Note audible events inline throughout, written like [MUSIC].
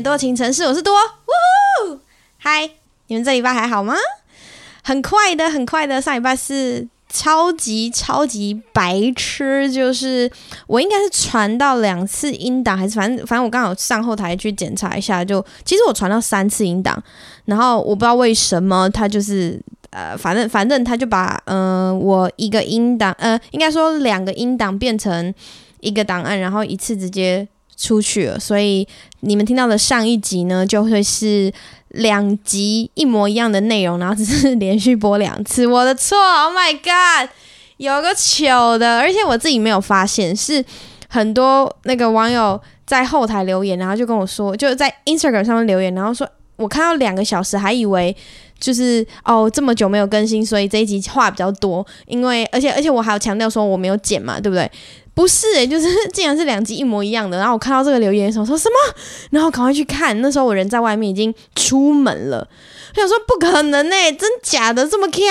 多情城市，我是多，嗚呼，嗨，Hi, 你們這禮拜還好嗎？很快的，很快的，上禮拜是超級超級白痴，就是我應該是傳到兩次音檔，還是反正反正我剛好上後台去檢查一下，就其實我傳到三次音檔，然後我不知道為什麼他就是呃，反正反正他就把嗯、呃，我一個音檔，呃應該說兩個音檔變成一個檔案，然後一次直接。出去了，所以你們聽到的上一集呢，就會是兩集一模一樣的內容，然後只是連續播兩次。我的錯，Oh my God，有個糗的，而且我自己沒有發現，是很多那個網友在後台留言，然後就跟我說，就在 Instagram 上面留言，然後說我看到兩個小時，還以為。就是哦，這麼久沒有更新，所以這一集話比較多。因為而且而且我還有強調說我沒有剪嘛，對不對？不是欸，就是竟然是兩集一模一樣的。然後我看到這個留言的時候說什麼，然後趕快去看。那時候我人在外面已經出門了。他想說不可能呢、欸，真假的這麼坑，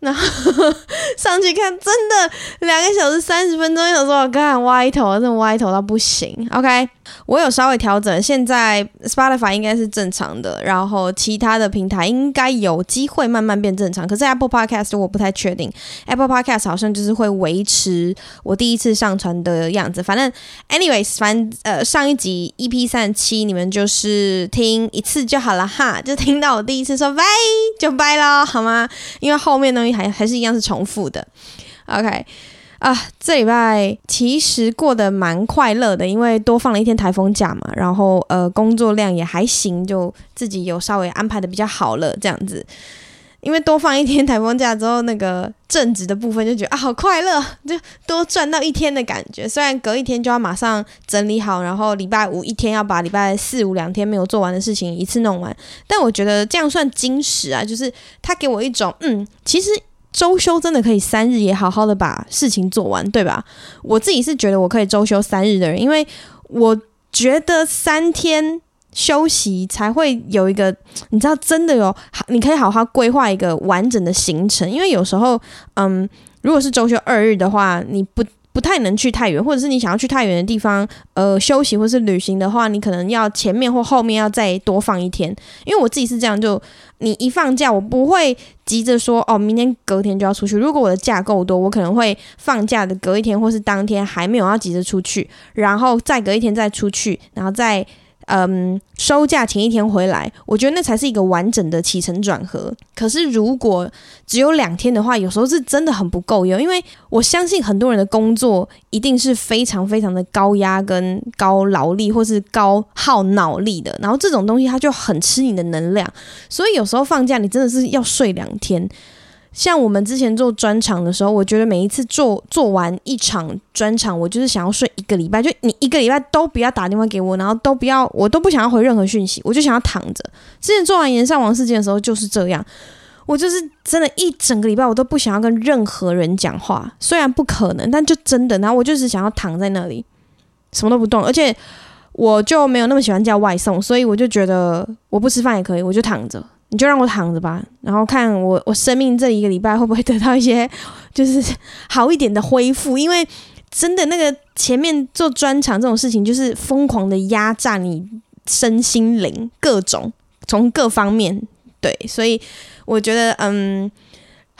然後呵呵上去看真的兩個小時三十分鐘。有時候我剛想歪頭，這麼歪頭到不行。OK，我有稍微調整，現在 Spotify 應該是正常的，然後其他的平台應該有機會慢慢變正常。可是 Apple Podcast 我不太確定，Apple Podcast 好像就是會維持我第一次上傳的樣子。反正 anyways，反正呃上一集 EP 三十七你們就是聽一次就好了哈，就聽到我第一次說。拜就拜了，好嗎？因為後面東西還還是一樣是重複的。OK 啊、呃，這禮拜其實過得蠻快樂的，因為多放了一天台風假嘛，然後呃工作量也還行，就自己有稍微安排得比較好了，這樣子。因為多放一天颱風假之後，那個正職的部分就覺得啊，好快樂，就多賺到一天的感覺。雖然隔一天就要馬上整理好，然後禮拜五一天要把禮拜四五兩天沒有做完的事情一次弄完，但我覺得這樣算精實啊！就是他給我一種，嗯，其實週休真的可以三日也好好的把事情做完，對吧？我自己是覺得我可以週休三日的人，因為我覺得三天休息才會有一個，你知道真的有，你可以好好規劃一個完整的行程。因為有時候，嗯，如果是周休二日的話，你不不太能去太遠，或者是你想要去太遠的地方，呃，休息或是旅行的話，你可能要前面或後面要再多放一天。因為我自己是這樣，就你一放假，我不會急着說哦，明天隔天就要出去。如果我的假夠多，我可能會放假的隔一天，或是當天還沒有要急着出去，然後再隔一天再出去，然後再。嗯，收假前一天回來，我覺得那才是一個完整的起承轉合。可是如果只有兩天的話，有時候是真的很不夠用，因為我相信很多人的工作一定是非常非常的高壓跟高勞力或是高耗腦力的，然後這種東西它就很吃你的能量，所以有時候放假你真的是要睡兩天。像我們之前做專場的時候，我覺得每一次做做完一場專場，我就是想要睡一個禮拜。就你一個禮拜都不要打電話給我，然後都不要，我都不想要回任何訊息，我就想要躺着。之前做完炎上王事件的時候就是這樣，我就是真的，一整個禮拜我都不想要跟任何人講話。雖然不可能，但就真的，然後我就是想要躺在那裡，什麼都不動。而且我就沒有那麼喜歡叫外送，所以我就覺得我不吃飯也可以，我就躺着。你就讓我躺着吧，然後看我我生命這一個禮拜會不會得到一些就是好一點的恢復，因為真的那個前面做專場這種事情就是瘋狂的壓榨你身心靈各種從各方面對，所以我覺得嗯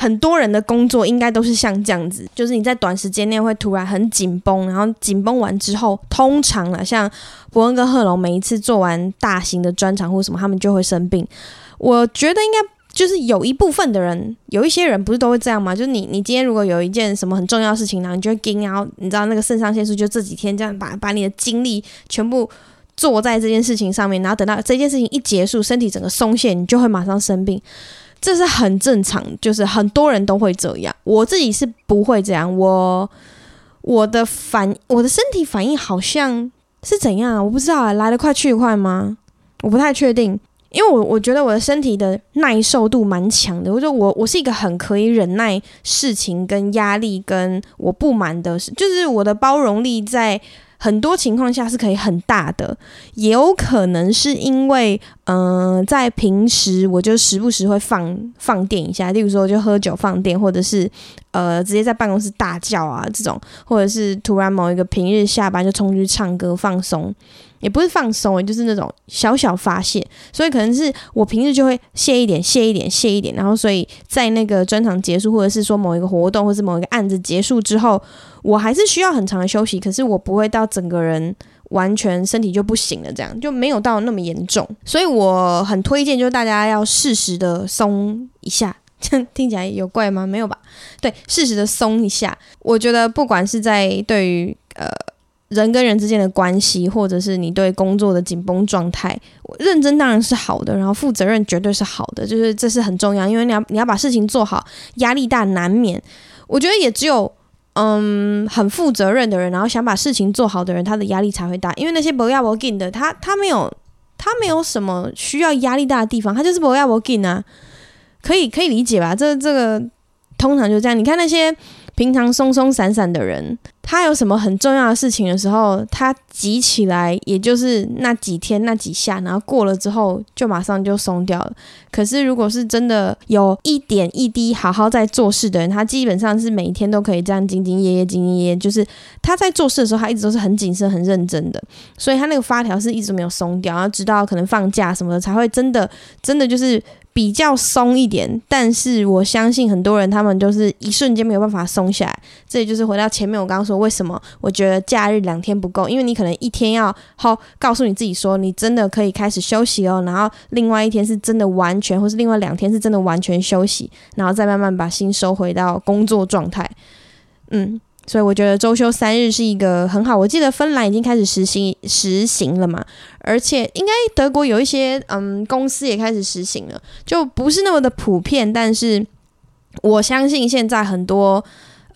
很多人的工作應該都是像這樣子，就是你在短時間內會突然很緊繃，然後緊繃完之後，通常啊，像伯恩跟賀龍每一次做完大型的專場或什麼，他們就會生病。我覺得應該就是有一部分的人，有一些人不是都會這樣嗎？就是你，你今天如果有一件什麼很重要的事情呢，然後你就會緊，然後你知道那個腎上腺素就這幾天這樣把把你的精力全部做在這件事情上面，然後等到這件事情一結束，身體整個鬆懈，你就會馬上生病，這是很正常，就是很多人都會這樣。我自己是不會這樣，我我的反我的身體反應好像是怎樣啊？我不知道啊，來得快去得快嗎？我不太確定。因為我我覺得我的身體的耐受度蠻強的，或者我我，我是一個很可以忍耐事情跟壓力跟我不滿的，就是我的包容力在很多情況下是可以很大的，也有可能是因為嗯、呃，在平時我就時不時會放放電一下，例如說就喝酒放電，或者是呃直接在辦公室大叫啊這種，或者是突然某一個平日下班就衝去唱歌放鬆。也不是放鬆，就是那種小小發洩，所以可能是我平時就會洩一點、洩一點、洩一點，然後所以在那個專場結束，或者是說某一個活動，或是某一個案子結束之後，我還是需要很長的休息，可是我不會到整個人完全身體就不行了，這樣就沒有到那麼嚴重，所以我很推薦，就是大家要適時的鬆一下，聽起來有怪嗎？沒有吧？對，適時的鬆一下，我覺得不管是在對於呃。人跟人之間的關係，或者是你對工作的緊繃狀態，認真當然是好的，然後負責任絕對是好的，就是這是很重要，因為你要你要把事情做好，壓力大難免。我覺得也只有嗯很負責任的人，然後想把事情做好的人，他的壓力才會大，因為那些無要無緊的，他他沒有他沒有什麼需要壓力大的地方，他就是無要無緊啊，可以可以理解吧？這這個通常就這樣，你看那些平常鬆鬆散散的人。他有什麼很重要的事情的時候，他急起來，也就是那幾天那幾下，然後過了之後就馬上就鬆掉了。可是如果是真的有一點一滴好好在做事的人，他基本上是每一天都可以這樣兢兢業業、兢兢業業，就是他在做事的時候，他一直都是很謹慎、很認真的，所以他那個發條是一直沒有鬆掉，然後直到可能放假什麼的才會真的、真的就是。比較鬆一點，但是我相信很多人他們就是一瞬間沒有辦法鬆下來。這也就是回到前面我剛剛說，為什麼我覺得假日兩天不夠？因為你可能一天要好告訴你自己說，你真的可以開始休息哦。然後另外一天是真的完全，或是另外兩天是真的完全休息，然後再慢慢把心收回到工作狀態。嗯。所以我覺得周休三日是一個很好。我記得芬蘭已經開始實行實行了嘛，而且應該德國有一些嗯公司也開始實行了，就不是那麼的普遍。但是我相信現在很多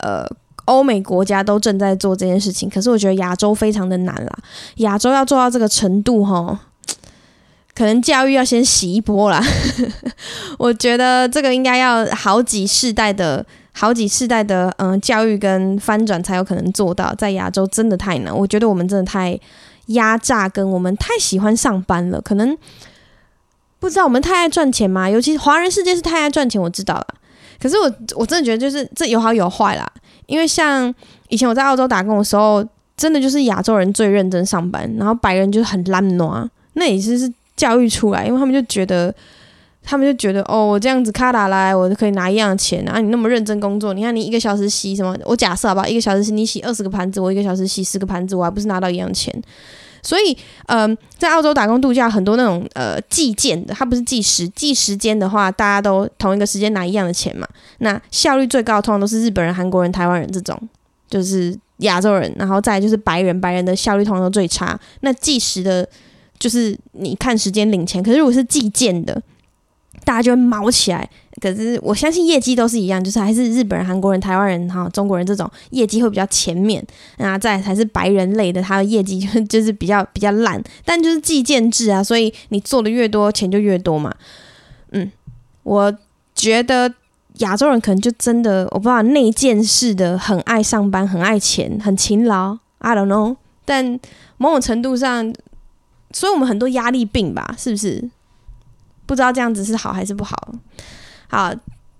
呃歐美國家都正在做這件事情。可是我覺得亞洲非常的難啦，亞洲要做到這個程度，齁，可能教育要先洗一波啦。 [LAUGHS] 我覺得這個應該要好幾世代的。好幾世代的嗯、呃、教育跟翻轉才有可能做到，在亞洲真的太難。我覺得我們真的太壓榨，跟我們太喜歡上班了。可能不知道我們太愛賺錢嗎？尤其華人世界是太愛賺錢，我知道了。可是我我真的覺得就是這有好有壞啦。因為像以前我在澳洲打工的時候，真的就是亞洲人最認真上班，然後白人就是很懶惰。那也是是教育出來，因為他們就覺得。他們就覺得哦，我這樣子卡打來，我就可以拿一樣的錢啊。你那麼認真工作，你看你一個小時洗什麼？我假設好不好？一個小時洗你洗二十個盤子，我一個小時洗十個盤子，我還不是拿到一樣的錢？所以，嗯、呃，在澳洲打工度假很多那種呃計件的，它不是計時，計時間的話，大家都同一個時間拿一樣的錢嘛。那效率最高的通常都是日本人、韓國人、台灣人這種，就是亞洲人，然後再來就是白人，白人的效率通常都最差。那計時的就是你看時間領錢，可是如果是計件的。大家就會毛起來，可是我相信業績都是一樣，就是還是日本人、韓國人、台灣人、哈、喔、中國人這種業績會比較前面，然後再才是白人類的，他的業績、就是、就是比較比較爛。但就是計件制啊，所以你做的越多，錢就越多嘛。嗯，我覺得亞洲人可能就真的，我不知道內捲式的，很愛上班，很愛錢，很勤勞。I don't know，但某種程度上，所以我們很多壓力病吧，是不是？不知道這樣子是好還是不好。好，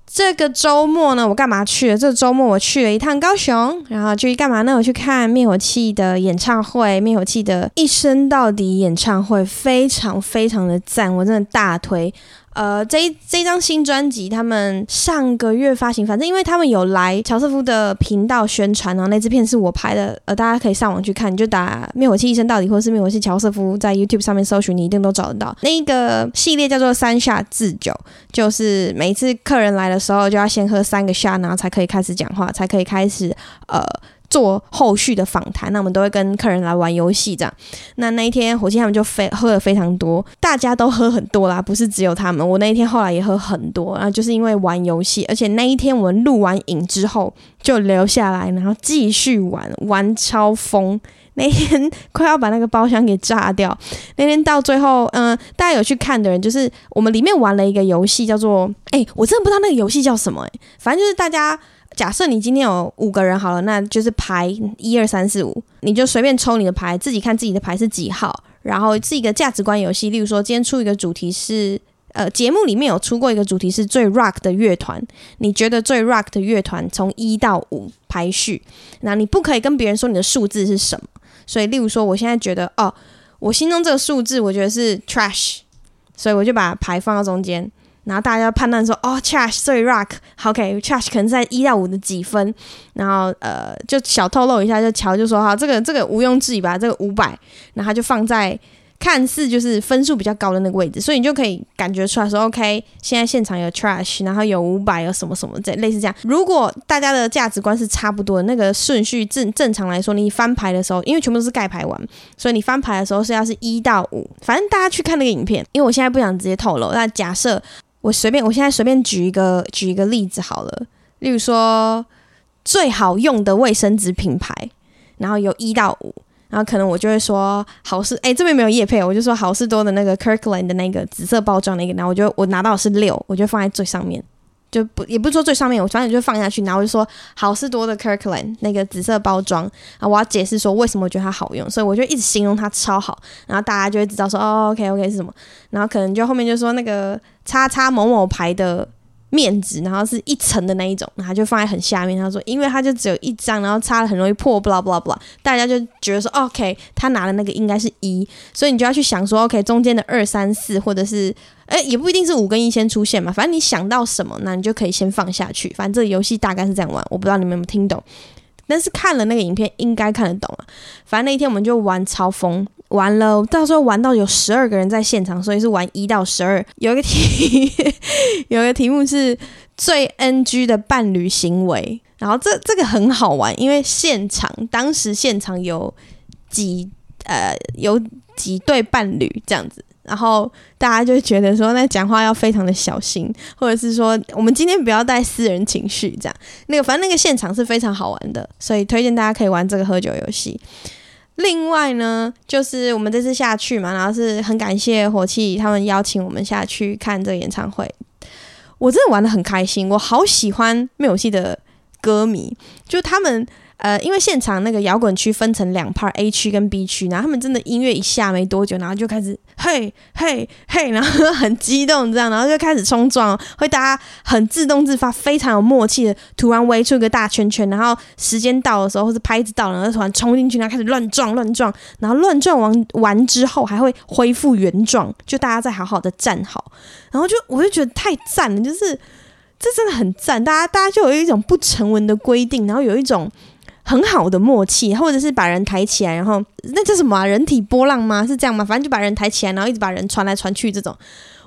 這個周末呢，我幹嘛去了？這個周末我去了一趟高雄，然後就去幹嘛呢？我去看滅火器的演唱會，滅火器的一生到底演唱會，非常非常的讚，我真的大推。呃，這一這一張新專輯，他們上個月發行，反正因為他們有來喬瑟夫的頻道宣傳啊，那支片是我拍的，呃，大家可以上網去看，你就打“滅火器醫生到底”或是“滅火器喬瑟夫”在 YouTube 上面搜尋，你一定都找得到。那一個系列叫做“三下自救”，就是每次客人來的時候，就要先喝三個下，然後才可以開始講話，才可以開始呃。做後續的訪談，那我們都會跟客人來玩遊戲這樣。那那一天，火雞他們就非喝了非常多，大家都喝很多啦，不是只有他們。我那一天後來也喝很多，然後就是因為玩遊戲。而且那一天我們錄完影之後就留下來，然後繼續玩玩超瘋，那一天快要把那個包廂給炸掉。那天到最後，嗯、呃，大家有去看的人，就是我們裡面玩了一個遊戲叫做……哎、欸，我真的不知道那個遊戲叫什麼、欸、反正就是大家。假設你今天有五個人好了，那就是牌一二三四五，你就隨便抽你的牌，自己看自己的牌是幾號。然後是一個價值觀遊戲，例如說今天出一個主題是，呃，節目裡面有出過一個主題是最 rock 的樂團，你覺得最 rock 的樂團從一到五排序，那你不可以跟別人說你的數字是什麼。所以例如說我現在覺得哦，我心中這個數字我覺得是 trash，所以我就把牌放到中間。然後大家判斷說，哦，trash 最 rock，OK，trash、okay, 可能在一到五的幾分。然後呃，就小透露一下，就喬就說，哈，這個這個毋庸置疑吧，這個五百，然後他就放在看似就是分數比較高的那個位置，所以你就可以感覺出來說，OK，現在現場有 trash，然後有五百，有什麼什麼，這類似這樣。如果大家的價值觀是差不多的，那個順序正正常來說，你翻牌的時候，因為全部都是蓋牌完，所以你翻牌的時候是要是一到五。反正大家去看那個影片，因為我現在不想直接透露。但假設。我隨便，我現在隨便舉一個舉一個例子好了，例如說最好用的衛生紙品牌，然後有一到五，然後可能我就會說好市，哎、欸，這邊沒有業配，我就說好市多的那個 Kirkland 的那個紫色包裝那個，然後我就我拿到的是六，我就放在最上面。就不也不是說最上面，我轉眼就放下去，然後我就說好市多的 Kirkland 那個紫色包裝啊，然後我要解釋說為什麼我覺得它好用，所以我就一直形容它超好，然後大家就會知道說哦 OK OK 是什麼，然後可能就後面就說那個叉叉某某某牌的面紙，然後是一層的那一種，然後就放在很下面，他說因為它就只有一張，然後擦了很容易破，blah blah blah，大家就覺得說，哦，OK，他拿的那個應該是一，所以你就要去想說 OK 中間的二三四或者是。哎、欸，也不一定是五跟一先出現嘛，反正你想到什麼，那你就可以先放下去。反正這個遊戲大概是這樣玩，我不知道你們有沒有聽懂。但是看了那個影片，應該看得懂了，啊。反正那一天我們就玩超諷，完了，到時候玩到有十二個人在現場，所以是玩一到十二。有一個題，有一個題目是最 NG 的伴侶行為，然後這這個很好玩，因為現場當時現場有幾呃有幾對伴侶這樣子。然後大家就覺得說，那講話要非常的小心，或者是說，我們今天不要帶私人情緒，這樣。那個反正那個現場是非常好玩的，所以推薦大家可以玩這個喝酒遊戲。另外呢，就是我們這次下去嘛，然後是很感謝火氣他們邀請我們下去看這個演唱會。我真的玩得很開心，我好喜歡滅火器的歌迷，就他們呃，因為現場那個搖滾區分成兩派 A 區跟 B 區，然後他們真的音樂一下沒多久，然後就開始。嘿嘿嘿，hey, hey, hey, 然後很激動，這樣，然後就開始衝撞，會大家很自動自發，非常有默契的，突然圍出一個大圈圈，然後時間到的時候，或是拍子到了，然後突然衝進去，然後開始亂撞亂撞，然後亂撞完完之後，還會恢復原狀，就大家再好好的站好，然後就我就覺得太讚了，就是這真的很讚，大家大家就有一種不成文的規定，然後有一種。很好的默契，或者是把人抬起來，然後那叫什麼啊？人體波浪嗎？是這樣嗎？反正就把人抬起來，然後一直把人傳來傳去。這種，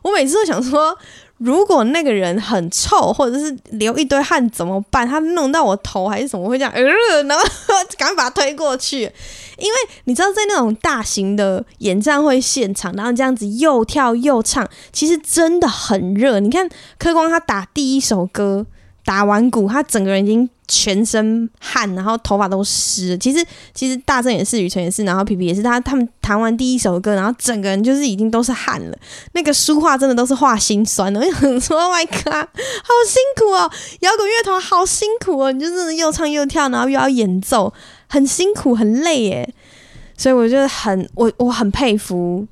我每次都想說，如果那個人很臭，或者是流一堆汗怎麼辦？他弄到我頭還是怎麼會這樣？呃、然後呵呵趕快把他推過去。因為你知道，在那種大型的演唱會現場，然後這樣子又跳又唱，其實真的很熱。你看，科光他打第一首歌，打完鼓，他整個人已經。全身汗，然後頭髮都濕。其實其實大正也是，雨辰也是，然後皮皮也是。他他們彈完第一首歌，然後整個人就是已經都是汗了。那個書畫真的都是畫心酸的。我就想說，Oh my God，好辛苦哦！搖滾樂團好辛苦哦！你就是又唱又跳，然後又要演奏，很辛苦很累耶。所以我就很我我很佩服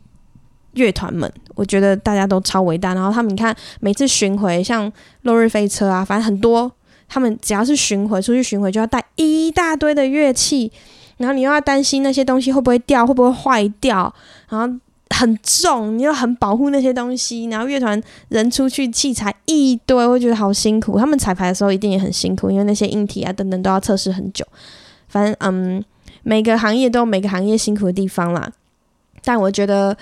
樂團們，我覺得大家都超偉大。然後他們你看每次巡迴，像落日飛車啊，反正很多。他們只要是巡迴出去巡迴，就要帶一大堆的樂器，然後你又要擔心那些東西會不會掉，會不會壞掉，然後很重，你又很保護那些東西，然後樂團人出去器材一堆，我覺得好辛苦。他們彩排的時候一定也很辛苦，因為那些硬體啊等等都要測試很久。反正嗯，每個行業都有每個行業辛苦的地方啦，但我覺得。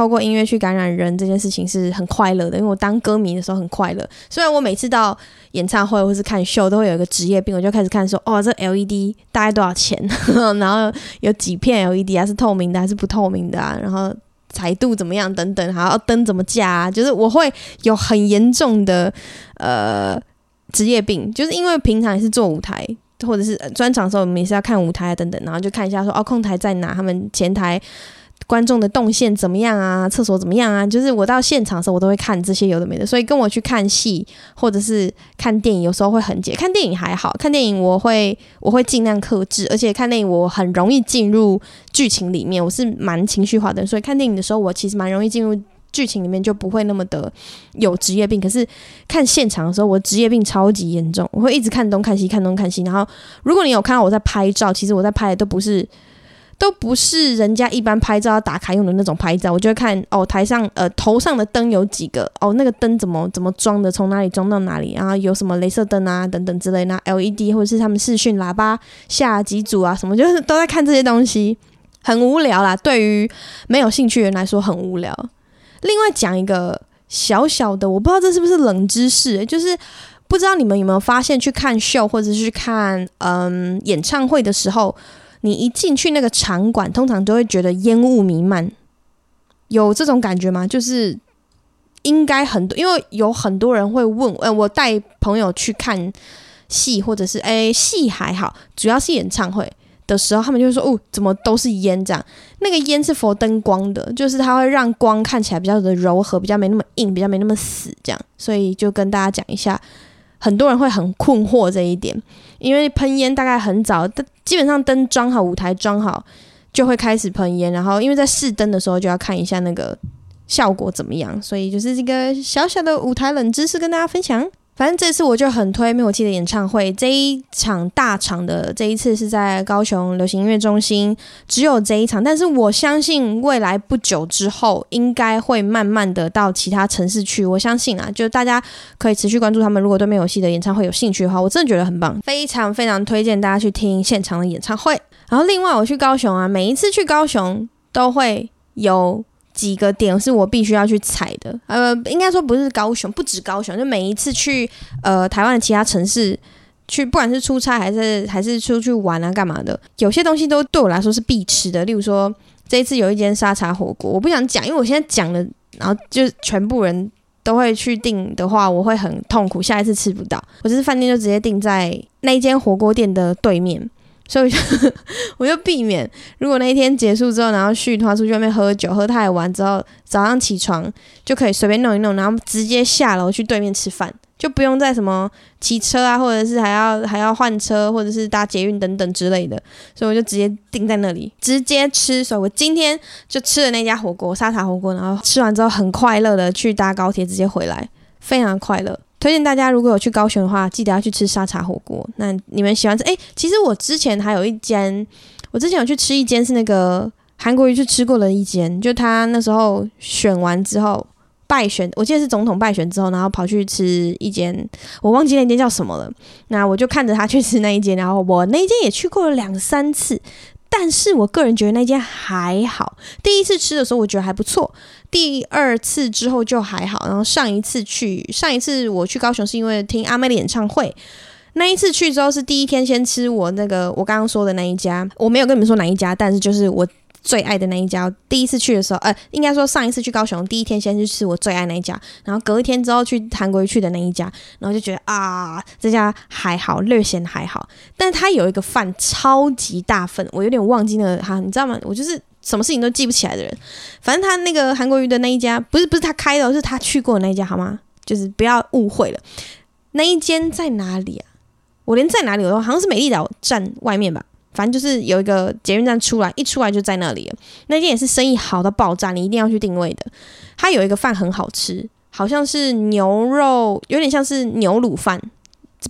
透過音樂去感染人這件事情是很快樂的，因為我當歌迷的時候很快樂。雖然我每次到演唱會或是看秀，都會有一個職業病，我就開始看說，哦，這 LED 大概多少錢？ [LAUGHS] 然後有幾片 LED 啊？是透明的還是不透明的啊？然後彩度怎麼樣？等等，還要燈怎麼加、啊？就是我會有很嚴重的呃職業病，就是因為平常也是做舞台或者是專場的時候，我們也是要看舞台啊等等，然後就看一下說，哦，控台在哪？他們前台。觀眾的動線怎麼樣啊？廁所怎麼樣啊？就是我到現場的時候，我都會看這些有的沒的。所以跟我去看戲或者是看電影，有時候會很解。看電影還好，看電影我會我會盡量克制，而且看電影我很容易進入劇情裡面，我是蠻情緒化的。所以看電影的時候，我其實蠻容易進入劇情裡面，就不會那麼的有職業病。可是看現場的時候，我職業病超級嚴重，我會一直看東看西，看東看西。然後如果你有看到我在拍照，其實我在拍的都不是。都不是人家一般拍照要打卡用的那種拍照，我就會看哦，台上呃頭上的燈有幾個哦，那個燈怎麼怎麼裝的，從哪裡裝到哪裡，然、啊、後有什麼鐳射燈啊等等之類呢、啊、，LED 或者是他們視訊喇叭下幾組啊什麼，就是都在看這些東西，很無聊啦。對於沒有興趣的人來說很無聊。另外講一個小小的，我不知道這是不是冷知識、欸，就是不知道你們有沒有發現，去看秀或者去看嗯演唱會的時候。你一進去那個場館，通常都會覺得煙霧瀰漫，有這種感覺嗎？就是應該很多，因為有很多人會問，哎、欸，我帶朋友去看戲，或者是誒戲、欸、還好，主要是演唱會的時候，他們就會說哦，怎麼都是煙這樣？那個煙是 for 燈光的，就是它會讓光看起來比較的柔和，比較沒那麼硬，比較沒那麼死這樣。所以就跟大家講一下。很多人會很困惑這一點，因為噴煙大概很早，基本上燈裝好、舞台裝好就會開始噴煙，然後因為在試燈的時候就要看一下那個效果怎麼樣，所以就是這個小小的舞台冷知識跟大家分享。反正這次我就很推滅火器的演唱會，這一場大場的，這一次是在高雄流行音樂中心，只有這一場。但是我相信未來不久之後，應該會慢慢的到其他城市去。我相信啊，就大家可以持續關注他們。如果對滅火器的演唱會有興趣的話，我真的覺得很棒，非常非常推薦大家去聽現場的演唱會。然後另外我去高雄啊，每一次去高雄都會有。幾個點是我必須要去踩的，呃，應該說不是高雄，不止高雄，就每一次去呃台灣的其他城市去，不管是出差還是還是出去玩啊幹嘛的，有些東西都對我來說是必吃的。例如說這一次有一間沙茶火鍋，我不想講，因為我現在講了，然後就全部人都會去訂的話，我會很痛苦，下一次吃不到。我這次飯店就直接訂在那一間火鍋店的對面。所以我就， [LAUGHS] 我就避免，如果那一天結束之後，然後去他出去外面喝酒，喝太晚之後，早上起床就可以隨便弄一弄，然後直接下樓去對面吃飯，就不用再什麼騎車啊，或者是還要還要換車，或者是搭捷運等等之類的。所以我就直接定在那裡，直接吃。所以我今天就吃了那家火鍋，沙茶火鍋，然後吃完之後很快樂的去搭高鐵直接回來，非常快樂。推薦大家，如果有去高雄的話，記得要去吃沙茶火鍋。那你們喜歡吃？哎、欸，其實我之前還有一間，我之前有去吃一間，是那個韓國瑜去吃過的一間。就他那時候選完之後敗選，我記得是總統敗選之後，然後跑去吃一間，我忘記那間叫什麼了。那我就看着他去吃那一間，然後我那一間也去過了兩三次。但是我個人覺得那間還好，第一次吃的時候我覺得還不錯，第二次之後就還好。然後上一次去，上一次我去高雄是因為聽阿妹的演唱會，那一次去之後是第一天先吃我那個我剛剛說的那一家，我沒有跟你們說哪一家，但是就是我。最愛的那一家，第一次去的時候，呃，應該說上一次去高雄，第一天先去吃我最愛那一家，然後隔一天之後去韓國瑜去的那一家，然後就覺得啊，這家還好，略嫌還好，但是他有一個飯超級大份，我有點忘記了哈，你知道嗎？我就是什麼事情都記不起來的人，反正他那個韓國瑜的那一家，不是不是他開的，是他去過的那一家，好嗎？就是不要誤會了，那一間在哪裡啊？我連在哪裡我都好像是美麗島站外面吧？反正就是有一個捷運站出來，一出來就在那裡。那間也是生意好到爆炸，你一定要去定位的。它有一個飯很好吃，好像是牛肉，有點像是牛滷飯，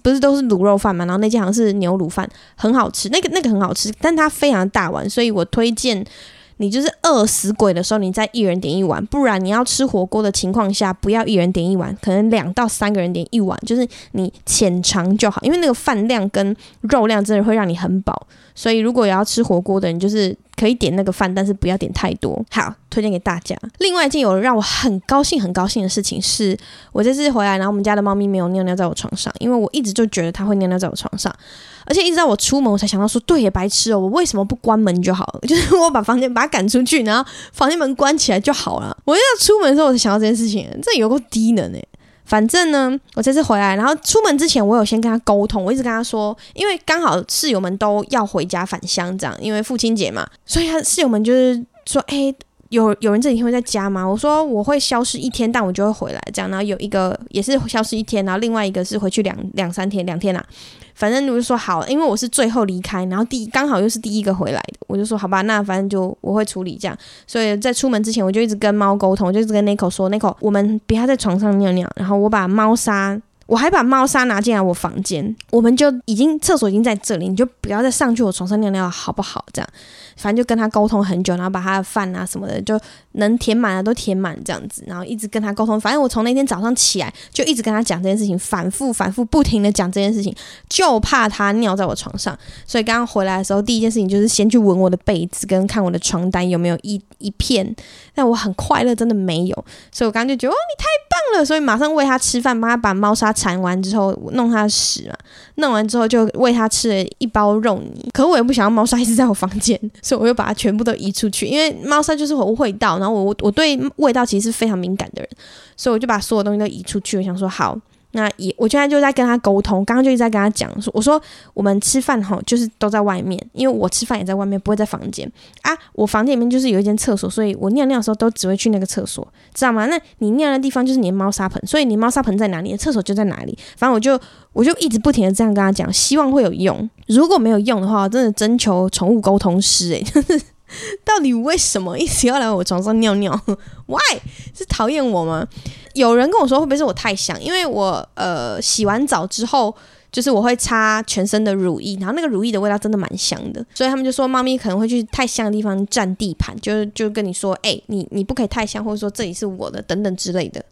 不是都是滷肉飯嘛。然後那間好像是牛滷飯，很好吃，那個那個很好吃，但它非常的大碗，所以我推薦。你就是餓死鬼的時候，你再一人點一碗；不然你要吃火鍋的情況下，不要一人點一碗，可能兩到三個人點一碗，就是你淺嘗就好。因為那個飯量跟肉量真的會讓你很飽，所以如果也要吃火鍋的人就是。可以點那個飯，但是不要點太多。好，推薦給大家。另外一件有讓我很高興、很高興的事情是，我這次回來，然後我們家的貓咪沒有尿尿在我床上，因為我一直就覺得它會尿尿在我床上，而且一直到我出門，我才想到說，對，也白痴哦，我為什麼不關門就好了？就是我把房間把它趕出去，然後房間門關起來就好了。我要出門的時候，我才想到這件事情，這有夠低能誒。反正呢，我這次回來，然後出門之前，我有先跟他溝通，我一直跟他說，因為剛好室友們都要回家返鄉，這樣，因為父親節嘛，所以他室友們就是說，哎、欸，有有人這幾天會在家嗎？我說我會消失一天，但我就會回來，這樣。然後有一個也是消失一天，然後另外一個是回去兩兩三天，兩天啦，啊。反正我就說好，因為我是最後離開，然後第剛好又是第一個回來。我就說好吧，那反正就我會處理這樣。所以在出門之前我就一直跟貓溝通，我就一直跟那口說，那口我們不要在床上尿尿，然後我把貓砂。我還把貓砂拿進來我房間，我們就已經廁所已經在這裡，你就不要再上去我床上尿尿好不好？這樣，反正就跟他溝通很久，然後把他的飯啊什麼的就能填滿了，都填滿這樣子，然後一直跟他溝通。反正我從那天早上起來就一直跟他講這件事情，反復反復不停的講這件事情，就怕他尿在我床上。所以剛剛回來的時候，第一件事情就是先去聞我的被子跟看我的床單有沒有一一片，但我很快樂，真的沒有，所以我剛剛就覺得哦，你太棒了，所以馬上餵他吃飯，幫他把貓砂，鏟完之後弄它屎嘛，弄完之後就餵它吃了一包肉泥。可我也不想要貓砂一直在我房間，所以我又把它全部都移出去。因為貓砂就是有味道，然後我我對味道其實是非常敏感的人，所以我就把所有東西都移出去。我想說好。那也，我現在就在跟他溝通，剛剛就一直在跟他講說，我說我們吃飯吼，就是都在外面，因為我吃飯也在外面，不會在房間啊。我房間裡面就是有一間廁所，所以我尿尿的時候都只會去那個廁所，知道嗎？那你尿尿的地方就是你的貓砂盆，所以你的貓砂盆在哪裡，廁所就在哪裡。反正我就我就一直不停的這樣跟他講，希望會有用。如果沒有用的話，我真的徵求寵物溝通師誒、欸。呵呵。到底為什麼一直要來我床上尿尿？Why 是討厭我嗎？有人跟我說會不會是我太香？因為我呃洗完澡之後，就是我會擦全身的乳液，然後那個乳液的味道真的蠻香的，所以他們就說貓咪可能會去太香的地方佔地盤，就是就跟你說，誒、欸，你你不可以太香，或者說這裡是我的等等之類的。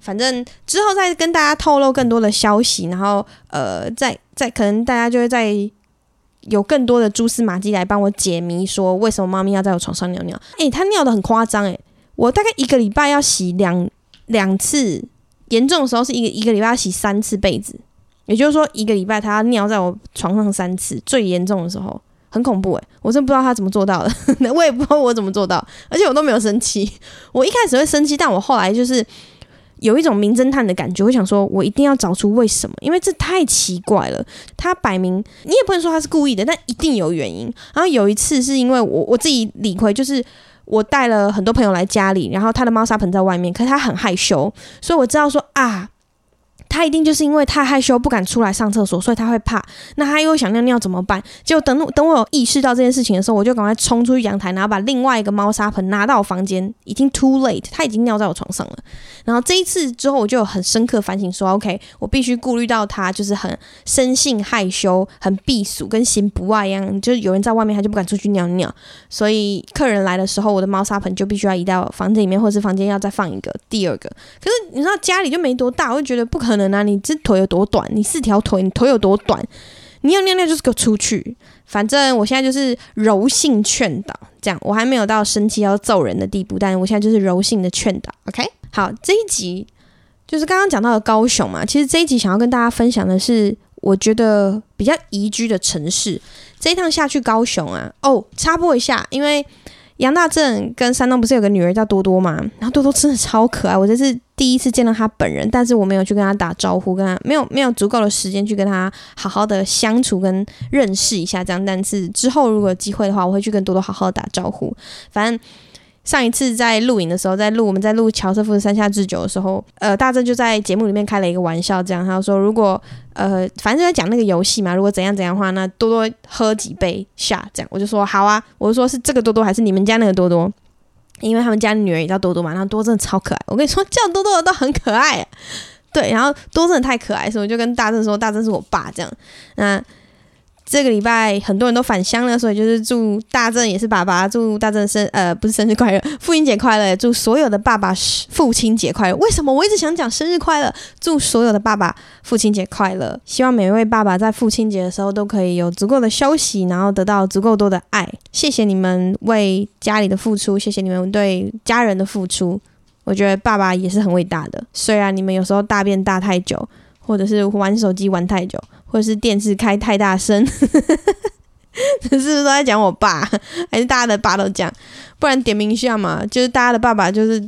反正之後再跟大家透露更多的消息，然後呃，在在可能大家就會在。有更多的蛛絲馬跡來幫我解謎，說為什麼貓咪要在我床上尿尿？欸，它尿得很誇張誒，我大概一個禮拜要洗兩兩次，嚴重的時候是一個一個禮拜要洗三次被子，也就是說一個禮拜它尿在我床上三次，最嚴重的時候很恐怖欸，我真不知道它怎麼做到的，我也不知道我怎麼做到，而且我都沒有生氣。我一開始會生氣，但我後來就是。有一種名偵探的感覺，我想說，我一定要找出為什麼，因為這太奇怪了。他擺明，你也不能說他是故意的，但一定有原因。然後有一次是因為我我自己理虧，就是我帶了很多朋友來家裡，然後他的貓砂盆在外面，可是他很害羞，所以我知道說啊。他一定就是因為太害羞不敢出來上廁所，所以他會怕。那他又想尿尿怎麼辦？就等我等我有意識到這件事情的時候，我就趕快衝出去陽台，然後把另外一個貓砂盆拿到我房間。已經 too late，他已經尿在我床上了。然後這一次之後，我就有很深刻反省說，說 OK，我必須顧慮到他就是很生性害羞，很避暑，跟心不外一樣，就是有人在外面，他就不敢出去尿尿。所以客人來的時候，我的貓砂盆就必須要移到房子裡面，或者是房間要再放一個第二個。可是你知道家裡就沒多大，我就覺得不可能。那、啊、你這腿有多短？你四條腿，你腿有多短？你要尿尿就是給我出去，反正我現在就是柔性勸導，這樣我還沒有到生氣要揍人的地步，但我現在就是柔性的勸導。OK，好，這一集就是剛剛講到的高雄嘛，其實這一集想要跟大家分享的是，我覺得比較宜居的城市。這一趟下去高雄啊，哦，插播一下，因為。楊大正跟山東不是有個女兒叫多多嘛？然後多多真的超可愛，我這是第一次見到她本人，但是我沒有去跟她打招呼，跟她沒有沒有足夠的時間去跟她好好的相處跟認識一下這樣。但是之後如果有機會的話，我會去跟多多好好打招呼。反正。上一次在錄影的時候，在錄我們在錄喬瑟夫的山下智久的時候，呃，大正就在節目裡面開了一個玩笑，這樣他說，如果呃，反正就在講那個遊戲嘛，如果怎樣怎樣的話，那多多喝幾杯下這樣，我就說好啊，我就說是這個多多還是你們家那個多多？因為他們家的女兒也叫多多嘛，然後多真的超可愛，我跟你說叫多多的都很可愛，啊，對，然後多真的太可愛，所以我就跟大正說大正是我爸這樣，那。這個禮拜很多人都返鄉了，所以就是祝大正也是爸爸，祝大正生呃不是生日快樂，父親節快樂，也祝所有的爸爸父親節快樂。為什麼我一直想講生日快樂？祝所有的爸爸父親節快樂。希望每一位爸爸在父親節的時候都可以有足夠的休息，然後得到足夠多的愛。謝謝你們為家裡的付出，謝謝你們對家人的付出。我覺得爸爸也是很偉大的，雖然你們有時候大便大太久，或者是玩手機玩太久。或是電視開太大聲，這 [LAUGHS] 是不是都在講我爸？還是大家的爸都講，不然點名一下嘛，就是大家的爸爸就是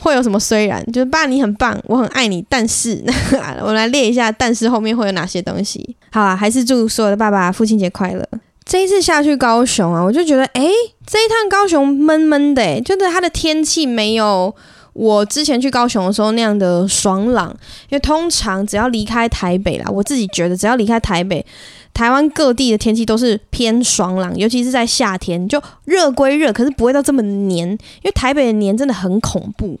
會有什麼？雖然就是爸你很棒，我很愛你，但是 [LAUGHS] 我來列一下，但是後面會有哪些東西？好啊，還是祝所有的爸爸父親節快樂。這一次下去高雄啊，我就覺得誒，這一趟高雄悶悶的，欸，誒就是它的天氣沒有。我之前去高雄的時候那樣的爽朗，因為通常只要離開台北啦，我自己覺得只要離開台北，台灣各地的天氣都是偏爽朗，尤其是在夏天，就熱歸熱，可是不會到這麼黏，因為台北的黏真的很恐怖，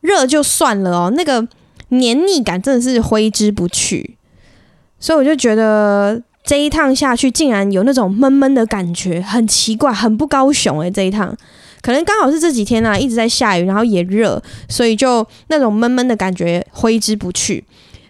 熱就算了喔，那個黏膩感真的是揮之不去，所以我就覺得這一趟下去竟然有那種悶悶的感覺，很奇怪，很不高雄欸，這一趟。可能剛好是這幾天呢、啊，一直在下雨，然後也熱，所以就那種悶悶的感覺揮之不去。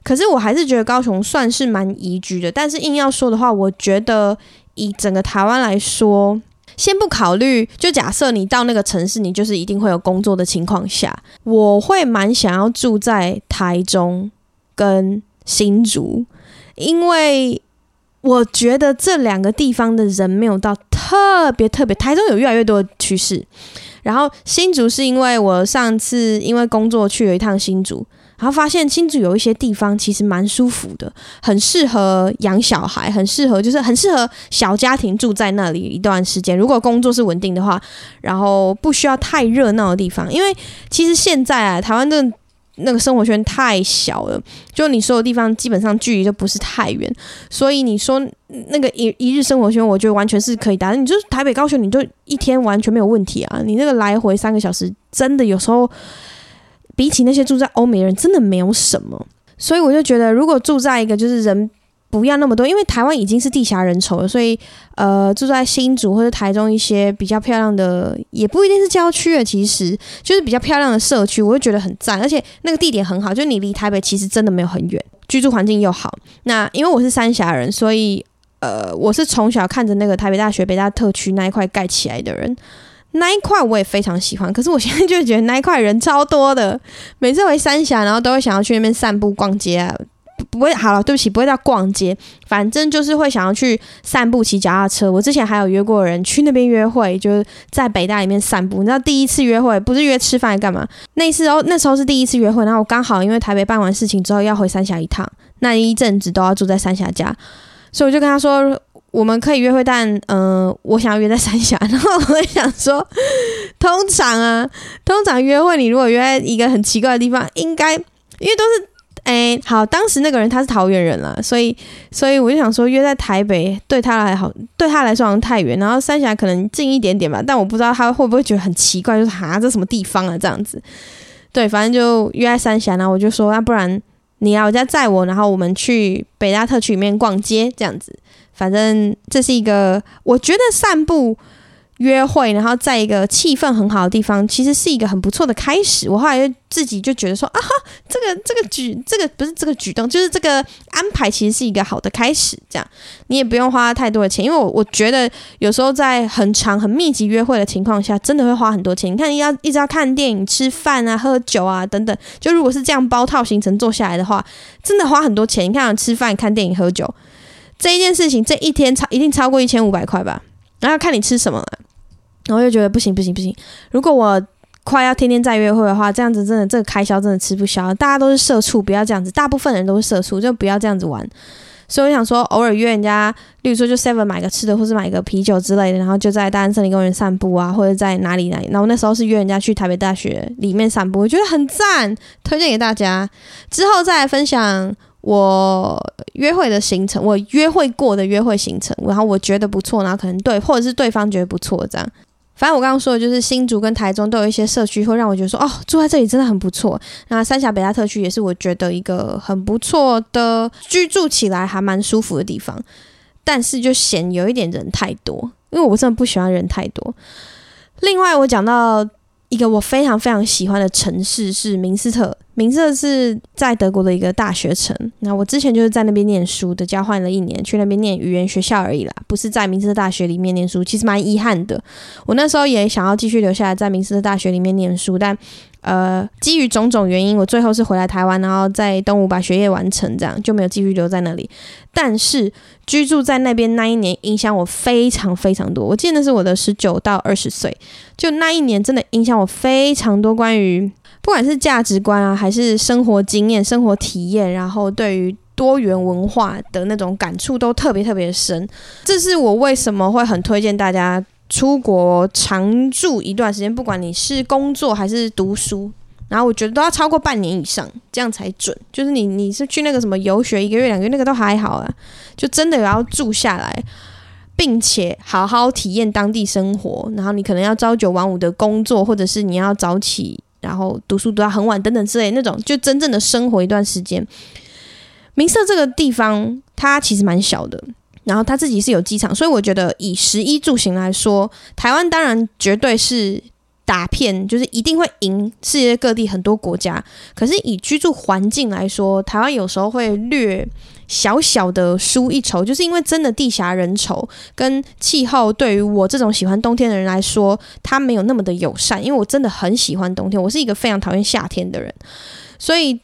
可是我還是覺得高雄算是蠻宜居的，但是硬要說的話，我覺得以整個台灣來說，先不考慮，就假設你到那個城市，你就是一定會有工作的情況下，我會蠻想要住在台中跟新竹，因為。我覺得這兩個地方的人沒有到特別特別，台中有越來越多的趨勢。然後新竹是因為我上次因為工作去了一趟新竹，然後發現新竹有一些地方其實蠻舒服的，很適合養小孩，很適合就是很適合小家庭住在那裡一段時間。如果工作是穩定的話，然後不需要太熱鬧的地方，因為其實現在啊，台灣的，那個生活圈太小了，就你所有地方基本上距離就不是太遠，所以你說那個一一日生活圈，我覺得完全是可以達，你就是台北高雄，你就一天完全沒有問題啊！你那個來回三個小時，真的有時候比起那些住在歐美的人，真的沒有什麼。所以我就覺得，如果住在一個就是人。不要那麼多，因為台灣已經是地狹人稠了，所以呃，住在新竹或者台中一些比較漂亮的，也不一定是郊區的，其實就是比較漂亮的社區，我會覺得很讚，而且那個地點很好，就是你離台北其實真的沒有很遠，居住環境又好。那因為我是三峽人，所以呃，我是從小看着那個台北大學、北大特區那一塊蓋起來的人，那一塊我也非常喜歡，可是我現在就覺得那一塊人超多的，每次回三峽然後都會想要去那邊散步逛街啊。不會好了，對不起，不會到逛街，反正就是會想要去散步、騎腳踏車。我之前還有約過人去那邊約會，就是在北大裡面散步。你知道第一次約會不是約吃飯幹嘛？那次哦，那時候是第一次約會，然後我剛好因為台北辦完事情之後要回三峽一趟，那一陣子都要住在三峽家，所以我就跟他說我們可以約會，但嗯、呃，我想要約在三峽。然後我就想說，通常啊，通常約會你如果約在一個很奇怪的地方，應該因為都是。誒、欸，好，當時那個人他是桃園人了，所以，所以我就想說約在台北對他來好，對他來說好像太遠，然後三峽可能近一點點吧，但我不知道他會不會覺得很奇怪，就是啊，這什麼地方啊這樣子，對，反正就約在三峽，然後我就說，那不然你來我家載我，然後我們去北大特區裡面逛街這樣子。反正這是一個我覺得散步。約會，然後在一個氣氛很好的地方，其實是一個很不錯的開始。我後來自己就覺得說，啊哈，這個這個舉這個、這個、不是這個舉動，就是這個安排，其實是一個好的開始。這樣你也不用花太多的錢，因為我我覺得有時候在很長很密集約會的情況下，真的會花很多錢。你看，你要一直要看電影、吃飯啊、喝酒啊等等。就如果是這樣包套行程做下來的話，真的花很多錢。你看，吃飯、看電影、喝酒這一件事情，這一天超一定超過一千五百塊吧。然後看你吃什麼了。然後又覺得不行不行不行，如果我快要天天在約會的話，這樣子真的這個開銷真的吃不消。大家都是社畜，不要這樣子。大部分人都是社畜，就不要這樣子玩。所以我想說，偶爾約人家，例如說就 seven 買個吃的，或是買個啤酒之類的，然後就在大安森林公園散步啊，或者在哪裡哪裡。然後那時候是約人家去台北大學裡面散步，我覺得很讚，推薦給大家。之後再來分享我約會的行程，我約會過的約會行程，然後我覺得不錯，然後可能對，或者是對方覺得不錯，這樣。反正我剛剛說的就是新竹跟台中都有一些社區，會讓我覺得說哦，住在這裡真的很不錯。那三峽北大特區也是我覺得一個很不錯的居住起來還蠻舒服的地方，但是就嫌有一點人太多，因為我真的不喜歡人太多。另外，我講到一個我非常非常喜歡的城市是明斯特。明斯特是在德國的一個大學城，那我之前就是在那邊念書的，交換了一年，去那邊念語言學校而已啦，不是在明斯特大學裡面念書，其實蠻遺憾的。我那時候也想要繼續留下來在明斯特的大學裡面念書，但呃，基於種種原因，我最後是回來台灣，然後在東吳把學業完成，這樣就沒有繼續留在那裡。但是居住在那邊那一年，影響我非常非常多。我記得那是我的十九到二十歲，就那一年真的影響我非常多，關於。不管是價值觀啊，還是生活經驗、生活體驗，然後對於多元文化的那種感觸都特別特別深。這是我為什麼會很推薦大家出國長住一段時間，不管你是工作還是讀書，然後我覺得都要超過半年以上，這樣才準。就是你你是去那個什麼遊學一個月、兩個月，那個都還好啊，就真的要住下來，並且好好體驗當地生活。然後你可能要朝九晚五的工作，或者是你要早起，然後讀書讀到很晚，等等之類那種，就真正的生活一段時間。民勝這個地方，它其實蠻小的，然後它自己是有機場，所以我覺得以食衣住行來說，台灣當然絕對是。打片就是一定會贏世界各地很多國家，可是以居住環境來說，台灣有時候會略小小的輸一籌，就是因為真的地狹人稠，跟氣候對於我這種喜歡冬天的人來說，他沒有那麼的友善，因為我真的很喜歡冬天，我是一個非常討厭夏天的人，所以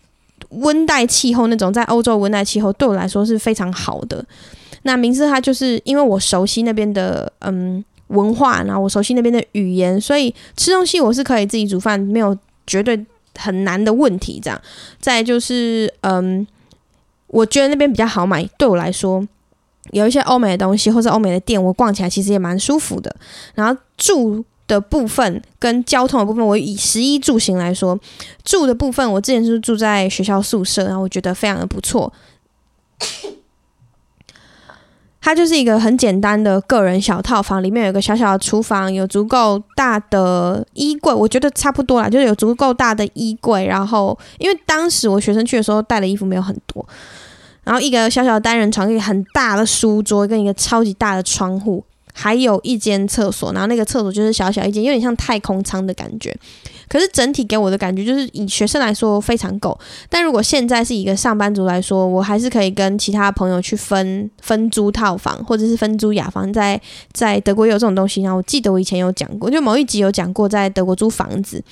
溫帶氣候那種在歐洲溫帶氣候對我來說是非常好的，那名字它就是因為我熟悉那邊的嗯。文化，然後我熟悉那邊的語言，所以吃東西我是可以自己煮飯，沒有絕對很難的問題。這樣，再來就是，嗯，我覺得那邊比較好買，對我來說，有一些歐美的東西或者歐美的店，我逛起來其實也蠻舒服的。然後住的部分跟交通的部分，我以食衣住行來說，住的部分我之前是住在學校宿舍，然後我覺得非常的不錯。 [LAUGHS] 它就是一個很簡單的個人小套房，裡面有一個小小的廚房，有足夠大的衣櫃，我覺得差不多啦，就是有足夠大的衣櫃。然後，因為當時我學生去的時候帶的衣服沒有很多，然後一個小小的單人床，一個很大的書桌，跟一個超級大的窗戶，還有一間廁所。然後那個廁所就是小小一間，有點像太空艙的感覺。可是整體給我的感覺就是，以學生來說非常夠，但如果現在是一個上班族來說，我還是可以跟其他朋友去分分租套房，或者是分租雅房。在在德國有這種東西。然後我記得我以前有講過，就某一集有講過，在德國租房子，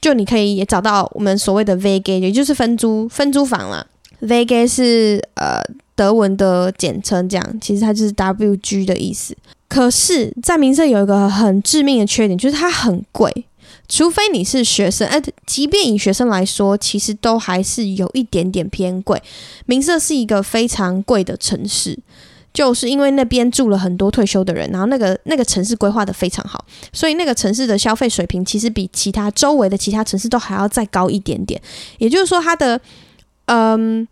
就你可以也找到我們所謂的 V G，也就是分租分租房了。V G 是呃德文的簡稱，這樣其實它就是 W G 的意思。可是，在民宿有一個很致命的缺點，就是它很貴。除非你是學生，哎，即便以學生來說，其實都還是有一點點偏貴。名色是一個非常貴的城市，就是因為那邊住了很多退休的人，然後那個那個城市規劃得非常好，所以那個城市的消費水平其實比其他周圍的其他城市都還要再高一點點。也就是說，它的嗯、呃、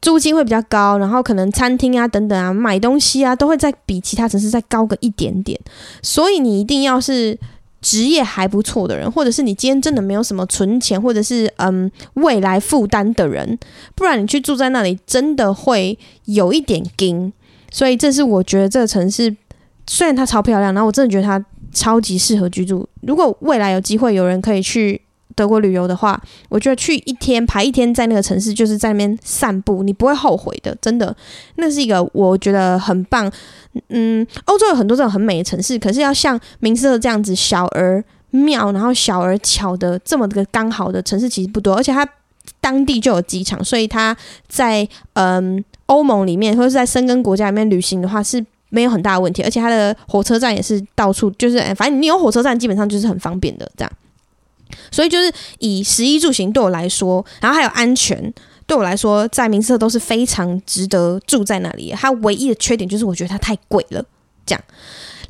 租金會比較高，然後可能餐廳啊、等等啊、買東西啊，都會再比其他城市再高個一點點。所以你一定要是。職業還不錯的人，或者是你今天真的沒有什麼存錢，或者是嗯未來負擔的人，不然你去住在那裡真的會有一點緊。所以這是我覺得這個城市，雖然它超漂亮，然後我真的覺得它超級適合居住。如果未來有機會，有人可以去。德國旅遊的話，我覺得去一天排一天在那個城市，就是在那邊散步，你不會後悔的，真的。那是一個我覺得很棒。嗯，歐洲有很多這種很美的城市，可是要像明斯特這樣子小而妙，然後小而巧的這麼個剛好的城市其實不多。而且它當地就有機場，所以它在嗯歐盟裡面或者是在申根國家裡面旅行的話是沒有很大的問題。而且它的火車站也是到處就是，哎、欸，反正你有火車站基本上就是很方便的這樣。所以就是以食衣住行對我來說，然後還有安全，對我來說，在明斯特都是非常值得住在那裡。它唯一的缺點就是我覺得它太貴了。這樣，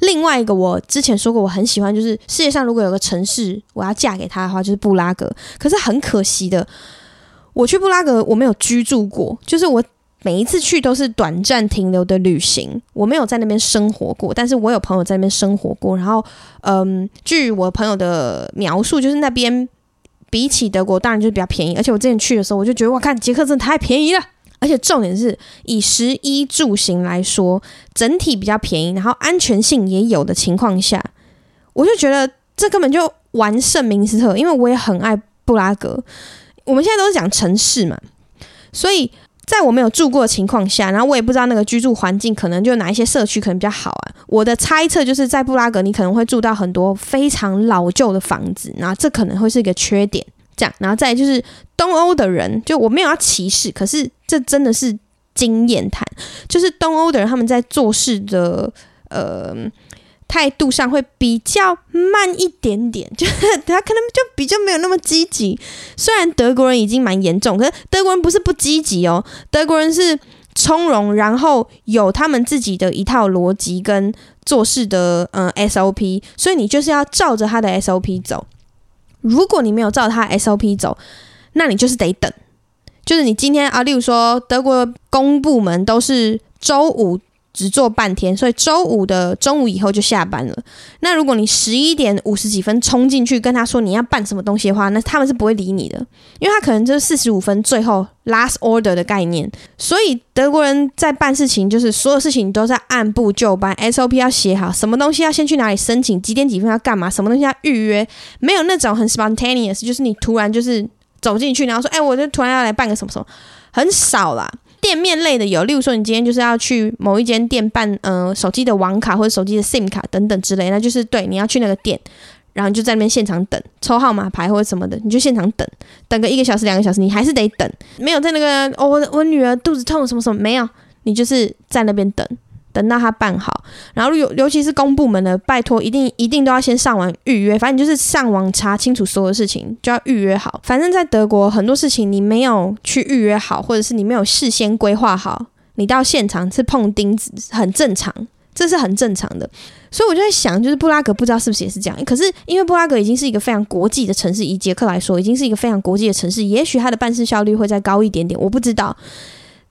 另外一個我之前說過我很喜歡，就是世界上如果有個城市我要嫁給他的話，就是布拉格。可是很可惜的，我去布拉格我沒有居住過，就是我。每一次去都是短暫停留的旅行，我沒有在那邊生活過，但是我有朋友在那邊生活過。然後，嗯，據我朋友的描述，就是那邊比起德國，當然就是比較便宜。而且我之前去的時候，我就覺得，哇，看捷克真的太便宜了。而且重點是，以食衣住行來說，整體比較便宜，然後安全性也有的情況下，我就覺得這根本就完勝明斯特。因為我也很愛布拉格，我們現在都是講城市嘛，所以。在我沒有住過的情況下，然後我也不知道那個居住環境可能就哪一些社區可能比較好啊。我的猜測就是在布拉格，你可能會住到很多非常老舊的房子，然後這可能會是一個缺點。這樣，然後再就是東歐的人，就我沒有要歧視，可是這真的是經驗談，就是東歐的人他們在做事的呃。態度上會比較慢一點點，就是他可能就比較沒有那麼積極。雖然德國人已經蠻嚴重，可是德國人不是不積極哦，德國人是從容，然後有他們自己的一套邏輯跟做事的嗯 SOP，所以你就是要照着他的 SOP 走。如果你沒有照他 SOP 走，那你就是得等。就是你今天啊，例如說德國公部門都是周五，只做半天，所以週五的中午以後就下班了。那如果你十一點五十幾分衝進去跟他說你要辦什麼東西的話，那他們是不會理你的，因為他可能就是四十五分最後 last order 的概念。所以德國人在辦事情，就是所有事情都在按部就班，SOP 要寫好，什麼東西要先去哪裡申請，幾點幾分要幹嘛，什麼東西要預約，沒有那種很 spontaneous，就是你突然就是走進去然後說，哎，我就突然要來辦個什麼什麼，很少啦。店面類的有，例如說你今天就是要去某一間店辦，呃，手機的網卡或者手機的 SIM 卡等等之類的，那就是對，你要去那個店，然後你就在那邊現場等，抽號碼牌或者什麼的，你就現場等，等個一個小時，兩個小時，你還是得等，沒有在那個，哦，我我女兒肚子痛什麼什麼，沒有，你就是在那邊等。等到他辦好，然後尤尤其是公部門的，拜託一定一定都要先上網預約。反正就是上網查清楚所有事情，就要預約好。反正，在德國很多事情你沒有去預約好，或者是你沒有事先規劃好，你到現場是碰釘子，很正常，這是很正常的。所以我就在想，就是布拉格不知道是不是也是這樣。可是因為布拉格已經是一個非常國際的城市，以捷克來說，已經是一個非常國際的城市，也許它的辦事效率會再高一點點，我不知道。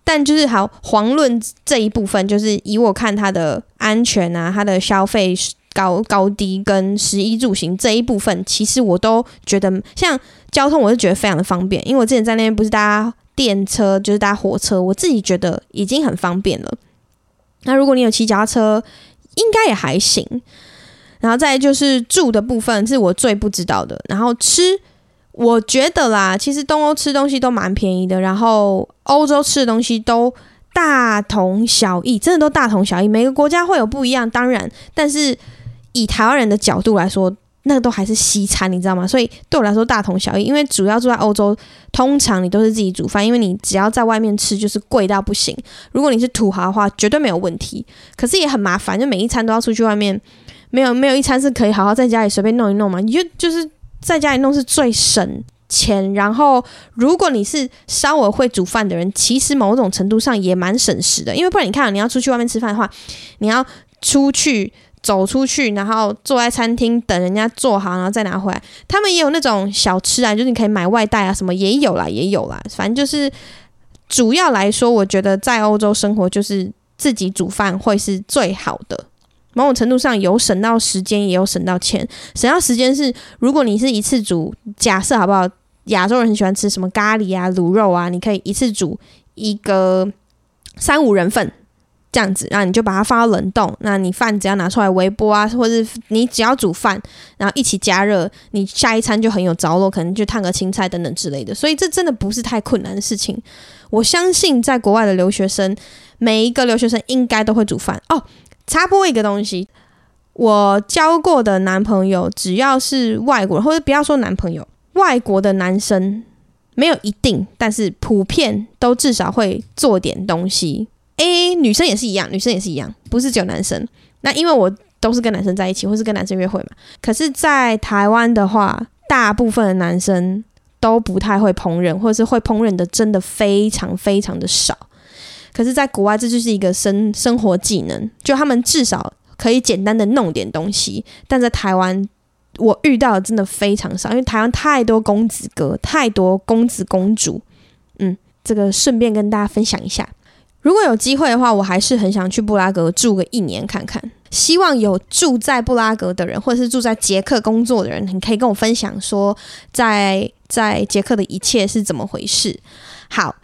但就是好，遑論這一部分，就是以我看它的安全啊，它的消費高高低跟衣食住行這一部分，其實我都覺得，像交通，我是覺得非常的方便，因為我之前在那邊不是搭電車就是搭火車，我自己覺得已經很方便了。那如果你有騎腳踏車，應該也還行。然後再就是住的部分，是我最不知道的。然後吃。我覺得啦，其實東歐吃東西都蠻便宜的，然後歐洲吃的東西都大同小異，真的都大同小異。每個國家會有不一樣，當然，但是以台灣人的角度來說，那個都還是西餐，你知道嗎？所以對我來說大同小異，因為主要住在歐洲，通常你都是自己煮飯，因為你只要在外面吃就是貴到不行。如果你是土豪的話，絕對沒有問題，可是也很麻煩，就每一餐都要出去外面，沒有沒有一餐是可以好好在家裡隨便弄一弄嘛，你就就是。在家裡弄是最省錢，然後如果你是稍微會煮飯的人，其實某種程度上也蠻省時的，因為不然你看你要出去外面吃飯的話，你要出去走出去，然後坐在餐廳等人家做好，然後再拿回來。他們也有那種小吃啊，就是你可以買外帶啊，什麼，也有啦，也有啦，反正就是主要來說，我覺得在歐洲生活就是自己煮飯會是最好的。某種程度上，有省到時間，也有省到錢。省到時間是，如果你是一次煮，假設好不好？亞洲人很喜歡吃什麼咖喱啊、滷肉啊，你可以一次煮一個三五人份這樣子，然後你就把它放到冷凍。那你飯你只要拿出來微波啊，或是你只要煮飯，然後一起加熱，你下一餐就很有着落，可能就燙個青菜等等之類的。所以這真的不是太困難的事情。我相信在國外的留學生，每一個留學生應該都會煮飯哦。插播一個東西，我交過的男朋友，只要是外國人，或者不要說男朋友，外國的男生沒有一定，但是普遍都至少會做點東西。誒、欸，女生也是一樣，女生也是一樣，不是只有男生。那因為我都是跟男生在一起，或是跟男生約會嘛。可是，在台灣的話，大部分的男生都不太會烹飪，或者是會烹飪的真的非常非常的少。可是，在國外，這就是一個生生活技能，就他們至少可以簡單的弄點東西。但在台灣，我遇到的真的非常少，因為台灣太多公子哥，太多公子公主。嗯，這個順便跟大家分享一下。如果有機會的話，我還是很想去布拉格住個一年看看。希望有住在布拉格的人，或者是住在捷克工作的人，你可以跟我分享說在，在在捷克的一切是怎麼回事。好。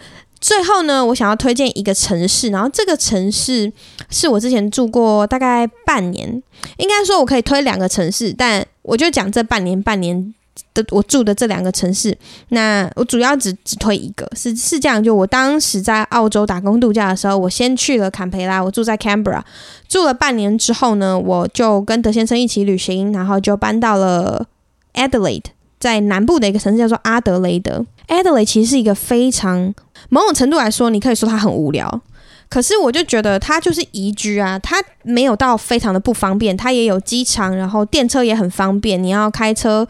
最後呢，我想要推薦一個城市，然後這個城市是我之前住過大概半年，應該說我可以推兩個城市，但我就講這半年半年的我住的這兩個城市。那我主要只只推一個，是是這樣，就我當時在澳洲打工度假的時候，我先去了坎培拉，我住在 Canberra，住了半年之後呢，我就跟德先生一起旅行，然後就搬到了 Adelaide，在南部的一個城市叫做阿德雷德。Adelaide 其實是一個非常某種程度來說，你可以說它很無聊，可是我就覺得它就是宜居啊。它沒有到非常的不方便，它也有機場，然後電車也很方便。你要開車、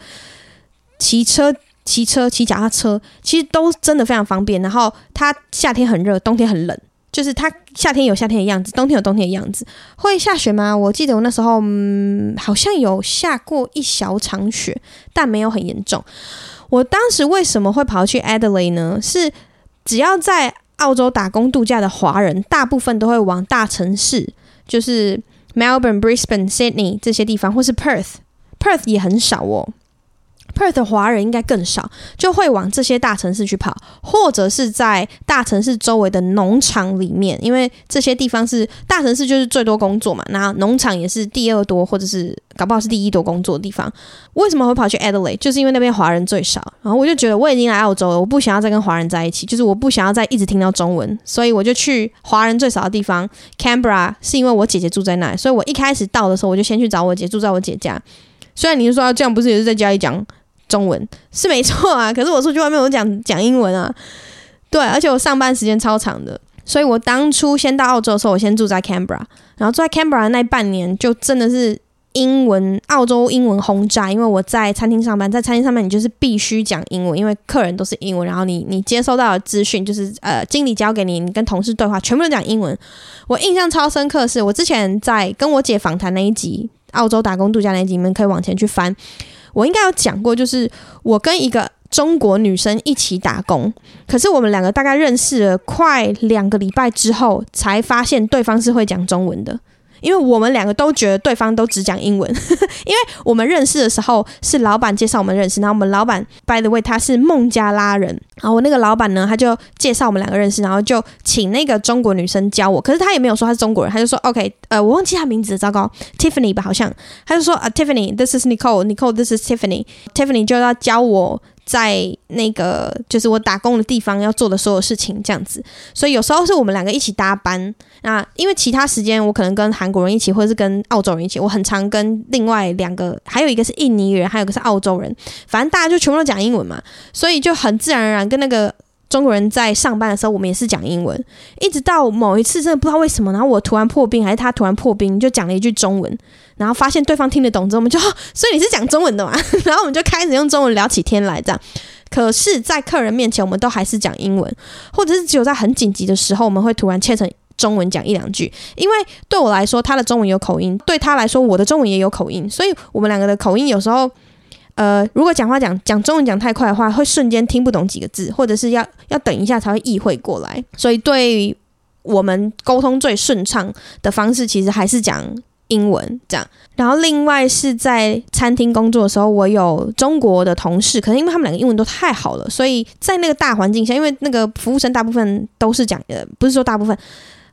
騎車、騎車、騎腳踏車，其實都真的非常方便。然後它夏天很熱，冬天很冷，就是它夏天有夏天的樣子，冬天有冬天的樣子。會下雪嗎？我記得我那時候嗯，好像有下過一小場雪，但沒有很嚴重。我當時為什麼會跑去 Adelaide 呢？是只要在澳洲打工度假的華人大部分都會往大城市，就是 Melbourne、Brisbane、Sydney 這些地方，或是 Perth，Perth 也很少哦。Perth 的華人應該更少，就會往這些大城市去跑，或者是在大城市周圍的農場裡面，因為這些地方是大城市就是最多工作嘛，那農場也是第二多，或者是搞不好是第一多工作的地方。為什麼會跑去 Adelaide？就是因為那邊華人最少，然後我就覺得我已經來澳洲了，我不想要再跟華人在一起，就是我不想要再一直聽到中文，所以我就去華人最少的地方 Canberra，是因為我姐姐住在那裡，所以我一開始到的時候我就先去找我姐住在我姐家。雖然你說、啊、這樣不是也是在家裡講。中文是沒錯啊，可是我出去外面我講講英文啊，對，而且我上班時間超長的，所以我當初先到澳洲的時候，我先住在 Canberra，然後住在 Canberra 那半年就真的是英文澳洲英文轟炸，因為我在餐廳上班，在餐廳上班你就是必須講英文，因為客人都是英文，然後你你接收到的資訊就是呃經理交給你，你跟同事對話全部都講英文。我印象超深刻是，我之前在跟我姐訪談那一集澳洲打工度假那一集，你們可以往前去翻。我應該有講過，就是我跟一個中國女生一起打工，可是我們兩個大概認識了快兩個禮拜之後，才發現對方是會講中文的。因為我們兩個都覺得對方都只講英文， [LAUGHS] 因為我們認識的時候是老闆介紹我們認識，然後我們老闆 by the way 他是孟加拉人，然後我那個老闆呢，他就介紹我們兩個認識，然後就請那個中國女生教我，可是他也沒有說他是中國人，他就說 OK，呃，我忘記他的名字了，糟糕，Tiffany 吧好像，他就說啊、uh, Tiffany，this is Nicole，Nicole，this is Tiffany，Tiffany。Tiffany 就要教我。在那個就是我打工的地方要做的所有事情這樣子，所以有時候是我們兩個一起搭班，那因為其他時間我可能跟韓國人一起，或者是跟澳洲人一起，我很常跟另外兩個，還有一個是印尼人，還有一個是澳洲人，反正大家就全部都講英文嘛，所以就很自然而然跟那個。中國人在上班的時候，我們也是講英文。一直到某一次，真的不知道為什麼，然後我突然破冰，還是他突然破冰，就講了一句中文，然後發現對方聽得懂，之後我們就，所以你是講中文的嘛？然後我們就開始用中文聊起天來。這樣，可是，在客人面前，我們都還是講英文，或者是只有在很緊急的時候，我們會突然切成中文講一兩句。因為對我來說，他的中文有口音；對他來說，我的中文也有口音。所以，我們兩個的口音有時候。呃，如果講話講講中文講太快的話，會瞬間聽不懂幾個字，或者是要要等一下才會意會過來。所以，對於我們溝通最順暢的方式，其實還是講英文這樣。然後，另外是在餐廳工作的時候，我有中國的同事，可能因為他們兩個英文都太好了，所以在那個大環境下，因為那個服務生大部分都是講，呃，不是說大部分。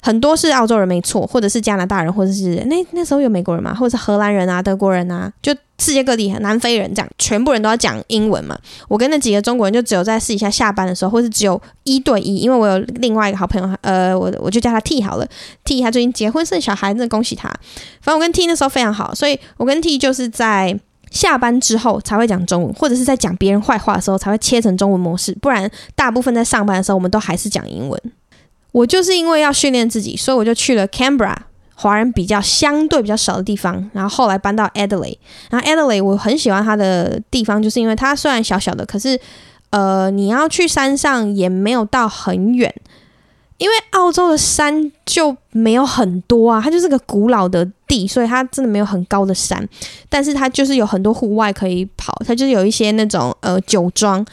很多是澳洲人沒錯，或者是加拿大人，或者是那那時候有美國人嘛，或者是荷蘭人啊、德國人啊，就世界各地南非人這樣，全部人都要講英文嘛。我跟那幾個中國人就只有在私底下下班的時候，或是只有一對一，因為我有另外一個好朋友，呃，我我就叫他 T 好了，T 他最近結婚生小孩，那恭喜他。反正我跟 T 那時候非常好，所以我跟 T 就是在下班之後才會講中文，或者是在講別人壞話的時候才會切成中文模式，不然大部分在上班的時候我們都還是講英文。我就是因為要訓練自己，所以我就去了 Canberra，華人比較相對比較少的地方。然後後來搬到 Adelaide，然後 Adelaide 我很喜歡它的地方，就是因為它雖然小小的，可是呃你要去山上也沒有到很遠，因為澳洲的山就沒有很多啊，它就是個古老的地，所以它真的沒有很高的山，但是它就是有很多戶外可以跑，它就是有一些那種呃酒莊，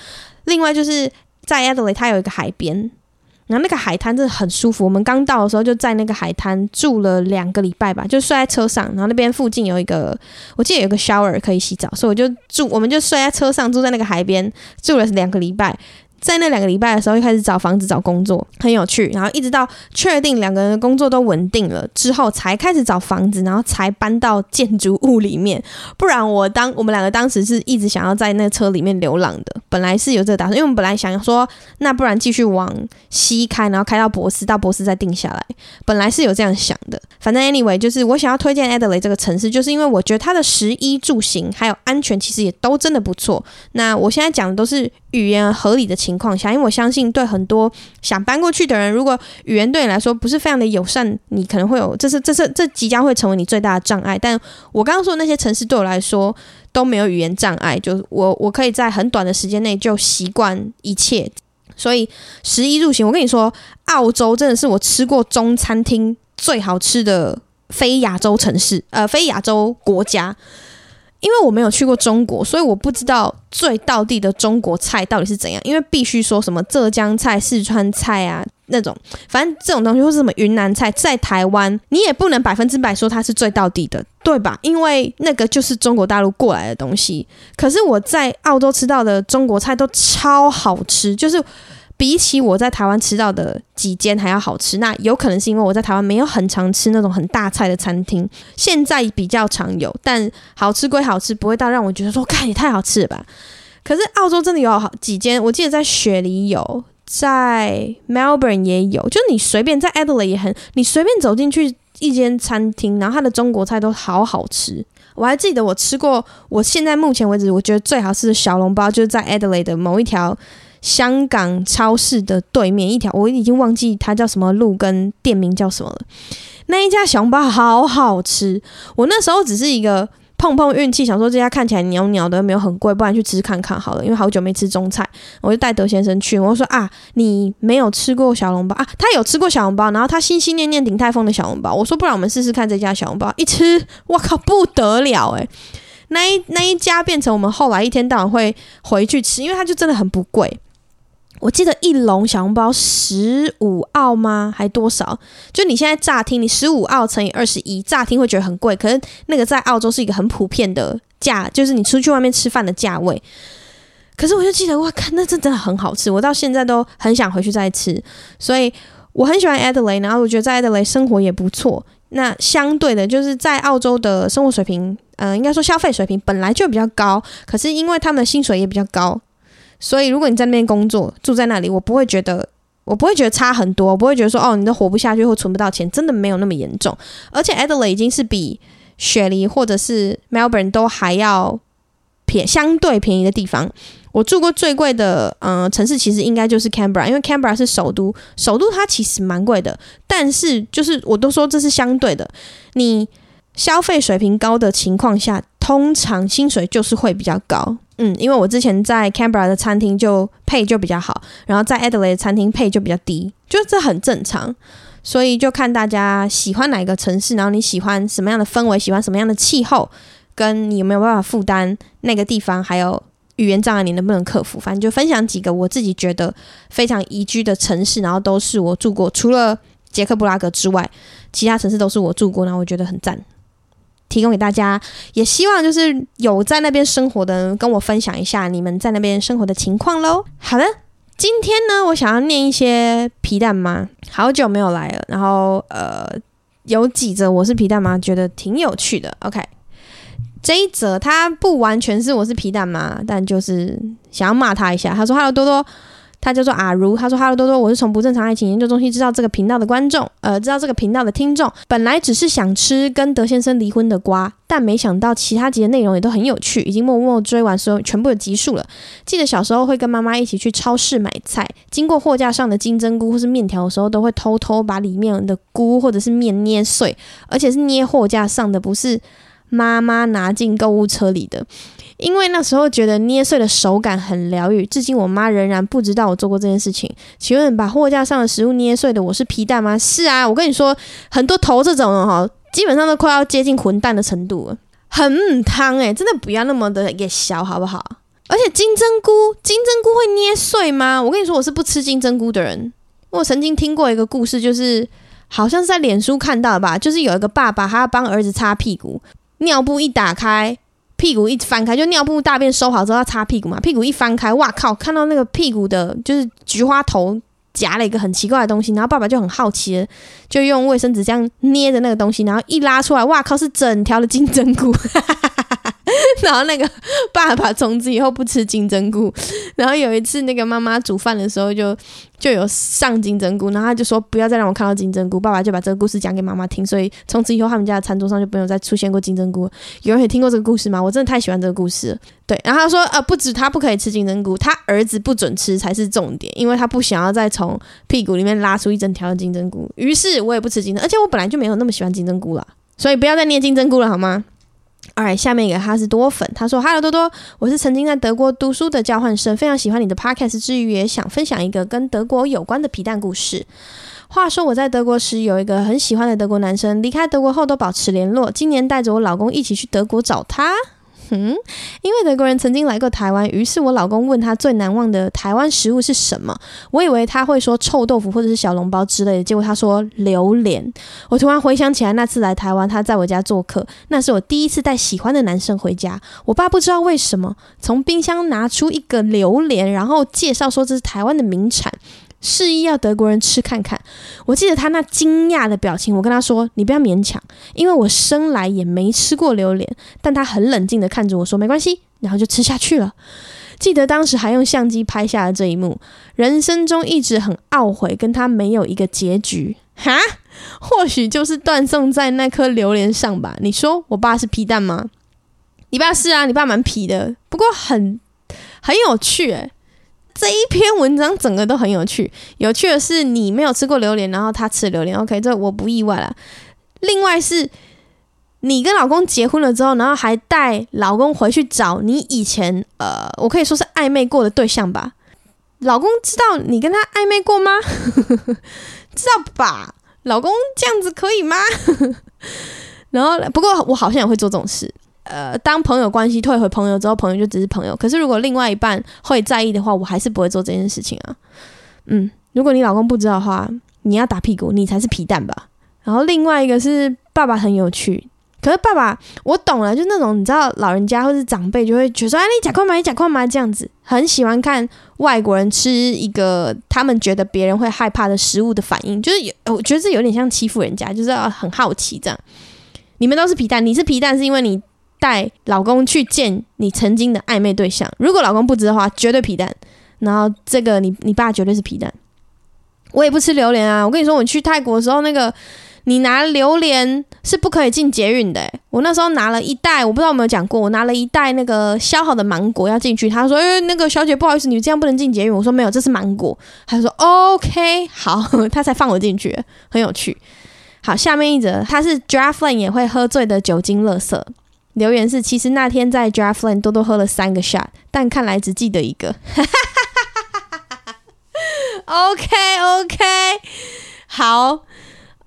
另外就是在 Adelaide 它有一個海邊。然後那個海灘真的很舒服。我們剛到的時候就在那個海灘住了兩個禮拜吧，就睡在車上。然後那邊附近有一個，我記得有個 shower 可以洗澡，所以我就住，我們就睡在車上，住在那個海邊住了兩個禮拜。在那兩個禮拜的時候，就開始找房子、找工作，很有趣。然後一直到確定兩個人的工作都穩定了之後，才開始找房子，然後才搬到建築物裡面。不然我當我們兩個當時是一直想要在那車裡面流浪的，本來是有這個打算，因為我們本來想要說，那不然繼續往西開，然後開到博斯，到博斯再定下來。本來是有這樣想的。反正 anyway，就是我想要推薦 Adelaide 這個城市，就是因為我覺得它的食衣住行還有安全，其實也都真的不錯。那我現在講的都是語言合理的情。情況下，因為我相信，對很多想搬過去的人，如果語言對你來說不是非常的友善，你可能會有，這是這是這即將會成為你最大的障礙。但我剛剛說的那些城市對我來說都沒有語言障礙，就是我我可以在很短的時間內就習慣一切。所以十一入行，我跟你說，澳洲真的是我吃過中餐廳最好吃的非亞洲城市，呃，非亞洲國家。因為我沒有去過中國，所以我不知道最道地的中國菜到底是怎樣。因為必須說什麼浙江菜、四川菜啊那種，反正這種東西或是什麼雲南菜，在台灣你也不能百分之百說它是最道地的，對吧？因為那個就是中國大陸過來的東西。可是我在澳洲吃到的中國菜都超好吃，就是。比起我在台灣吃到的幾間還要好吃，那有可能是因為我在台灣沒有很常吃那種很大菜的餐廳，現在比較常有。但好吃歸好吃，不會到讓我覺得說“看也太好吃了吧”。可是澳洲真的有好幾間，我記得在雪梨有，在 Melbourne 也有，就你隨便在 Adelaide 也很，你隨便走進去一間餐廳，然後它的中國菜都好好吃。我還記得我吃過，我現在目前為止我覺得最好吃的小籠包，就是在 Adelaide 的某一條。香港超市的對面一條，我已經忘記它叫什麼路，跟店名叫什麼了。那一家小籠包好好吃，我那時候只是一個碰碰運氣，想說這家看起來鳥鳥的，沒有很貴，不然去吃吃看看好了。因為好久沒吃中菜，我就帶德先生去。我就說啊，你沒有吃過小籠包啊？他有吃過小籠包，然後他心心念念鼎泰豐的小籠包。我說不然我們試試看這家小籠包。一吃，我靠，不得了欸！那一那一家變成我們後來一天到晚會回去吃，因為它就真的很不貴。我記得一籠小籠包十五澳嗎？還多少？就你現在乍聽，你十五澳乘以二十一，乍聽會覺得很貴。可是那個在澳洲是一個很普遍的價，就是你出去外面吃飯的價位。可是我就記得，哇，看那真的很好吃，我到現在都很想回去再吃。所以我很喜歡 Adelaide，然後我覺得在 Adelaide 生活也不錯。那相對的，就是在澳洲的生活水平，嗯、呃，應該說消費水平本來就比較高，可是因為他們的薪水也比較高。所以，如果你在那邊工作，住在那裡，我不會覺得，我不會覺得差很多，我不會覺得說，哦，你都活不下去，或存不到錢，真的沒有那麼嚴重。而且，Adelaide 已經是比雪梨或者是 Melbourne 都還要便，相對便宜的地方。我住過最貴的，嗯、呃，城市其實應該就是 Canberra，因為 Canberra 是首都，首都它其實蠻貴的。但是，就是我都說這是相對的，你消費水平高的情況下，通常薪水就是會比較高。嗯，因為我之前在 Canberra 的餐廳就配就比較好，然後在 Adelaide 的餐廳配就比較低，就這很正常。所以就看大家喜歡哪個城市，然後你喜歡什麼樣的氛圍，喜歡什麼樣的氣候，跟你有沒有辦法負擔那個地方，還有語言障礙你能不能克服。反正就分享幾個我自己覺得非常宜居的城市，然後都是我住過，除了捷克布拉格之外，其他城市都是我住過，然後我覺得很讚。提供給大家，也希望就是有在那邊生活的跟我分享一下你們在那邊生活的情況嘍。好的，今天呢，我想要念一些皮蛋嗎，好久沒有來了，然後呃，有幾則我是皮蛋嗎，覺得挺有趣的。OK，這一則他不完全是我是皮蛋嗎，但就是想要罵他一下。他說哈嘍，多多。”他叫做阿如，他說：“哈嘍多多，我是從不正常愛情研究中心知道這個頻道的觀眾，呃，知道這個頻道的聽眾。本來只是想吃跟德先生離婚的瓜，但沒想到其他集的內容也都很有趣，已經默默追完所有全部的集數了。記得小時候會跟媽媽一起去超市買菜，經過貨架上的金針菇或是麵條的時候，都會偷偷把裡面的菇或者是面捏碎，而且是捏貨架上的，不是媽媽拿進購物車裡的。”因為那時候覺得捏碎的手感很療癒，至今我媽仍然不知道我做過這件事情。請問把貨架上的食物捏碎的我是皮蛋嗎？是啊，我跟你說，很多頭這種哦，基本上都快要接近混蛋的程度了，很湯誒、欸，真的不要那麼的野小好不好？而且金針菇，金針菇會捏碎嗎？我跟你說，我是不吃金針菇的人。我曾經聽過一個故事，就是好像是在臉書看到吧，就是有一個爸爸他要幫兒子擦屁股，尿布一打開。屁股一翻開，就尿布大便收好之後要擦屁股嘛。屁股一翻開，哇靠！看到那個屁股的，就是菊花頭夾了一個很奇怪的東西。然後爸爸就很好奇，就用衛生紙這樣捏着那個東西，然後一拉出來，哇靠！是整條的金針菇。 [LAUGHS] [LAUGHS] 然後那個爸爸從此以後不吃金針菇，然後有一次那個媽媽煮飯的時候就就有上金針菇，然後他就說不要再讓我看到金針菇，爸爸就把這個故事講給媽媽聽，所以從此以後他們家的餐桌上就沒有再出現過金針菇。有人也聽過這個故事嗎？我真的太喜歡這個故事了。對，然後他說啊、呃，不止他不可以吃金針菇，他兒子不准吃才是重點，因為他不想要再從屁股裡面拉出一整條的金針菇。於是我也不吃金針菇，而且我本來就沒有那麼喜歡金針菇了，所以不要再念金針菇了，好嗎？Alright，下面一個哈士多粉，他說，哈嘍多多，我是曾經在德國讀書的交換生，非常喜歡你的 Podcast，之餘也想分享一個跟德國有關的皮蛋故事。話說我在德國時有一個很喜歡的德國男生，離開德國後都保持聯絡。今年帶着我老公一起去德國找他。”嗯，因為德國人曾經來過台灣，於是我老公問他最難忘的台灣食物是什麼。我以為他會說臭豆腐或者是小籠包之類的，結果他說榴蓮。我突然回想起來，那次來台灣，他在我家做客，那是我第一次帶喜歡的男生回家。我爸不知道為什麼從冰箱拿出一個榴蓮，然後介紹說這是台灣的名產。示意要德國人吃看看，我記得他那驚訝的表情。我跟他說：“你不要勉強，因為我生來也沒吃過榴蓮。”但他很冷靜的看着我說：“沒關係。”然後就吃下去了。記得當時還用相機拍下了這一幕。人生中一直很懊悔，跟他沒有一個結局。哈，或許就是斷送在那顆榴蓮上吧。你說，我爸是皮蛋嗎？你爸是啊，你爸蠻皮的，不過很很有趣欸。這一篇文章整個都很有趣。有趣的是，你沒有吃過榴蓮，然後他吃榴蓮。OK，這我不意外了。另外是，你跟老公結婚了之後，然後還帶老公回去找你以前呃，我可以說是曖昧過的對象吧。老公知道你跟他曖昧過嗎？ [LAUGHS] 知道吧？老公這樣子可以嗎？ [LAUGHS] 然後，不過我好像也會做這種事。呃，當朋友關係退回朋友之後，朋友就只是朋友。可是如果另外一半會在意的話，我還是不會做這件事情啊。嗯，如果你老公不知道的話，你要打屁股，你才是皮蛋吧？然後另外一個是爸爸很有趣，可是爸爸我懂了，就那種你知道老人家或者是長輩就會覺得說，哎、啊，你假塊嗎？你假塊嗎？這樣子，很喜歡看外國人吃一個他們覺得別人會害怕的食物的反應，就是有我覺得這有點像欺負人家，就是要很好奇這樣。你們都是皮蛋，你是皮蛋是因為你。帶老公去見你曾經的曖昧對象，如果老公不值的話，絕對皮蛋。然後這個你你爸絕對是皮蛋，我也不吃榴蓮啊。我跟你說，我去泰國的時候，那個你拿榴蓮是不可以進捷運的、欸。我那時候拿了一袋，我不知道有沒有講過，我拿了一袋那個削好的芒果要進去，他說：“哎、欸，那個小姐，不好意思，你這樣不能進捷運。”我說：“沒有，這是芒果。他”他說：“OK，好，他才放我進去，很有趣。”好，下面一則，他是 Draftland 也會喝醉的酒精樂色。留言是：其實那天在 Draftland 多多喝了三個 shot，但看來只記得一個。 [LAUGHS] OK OK，好，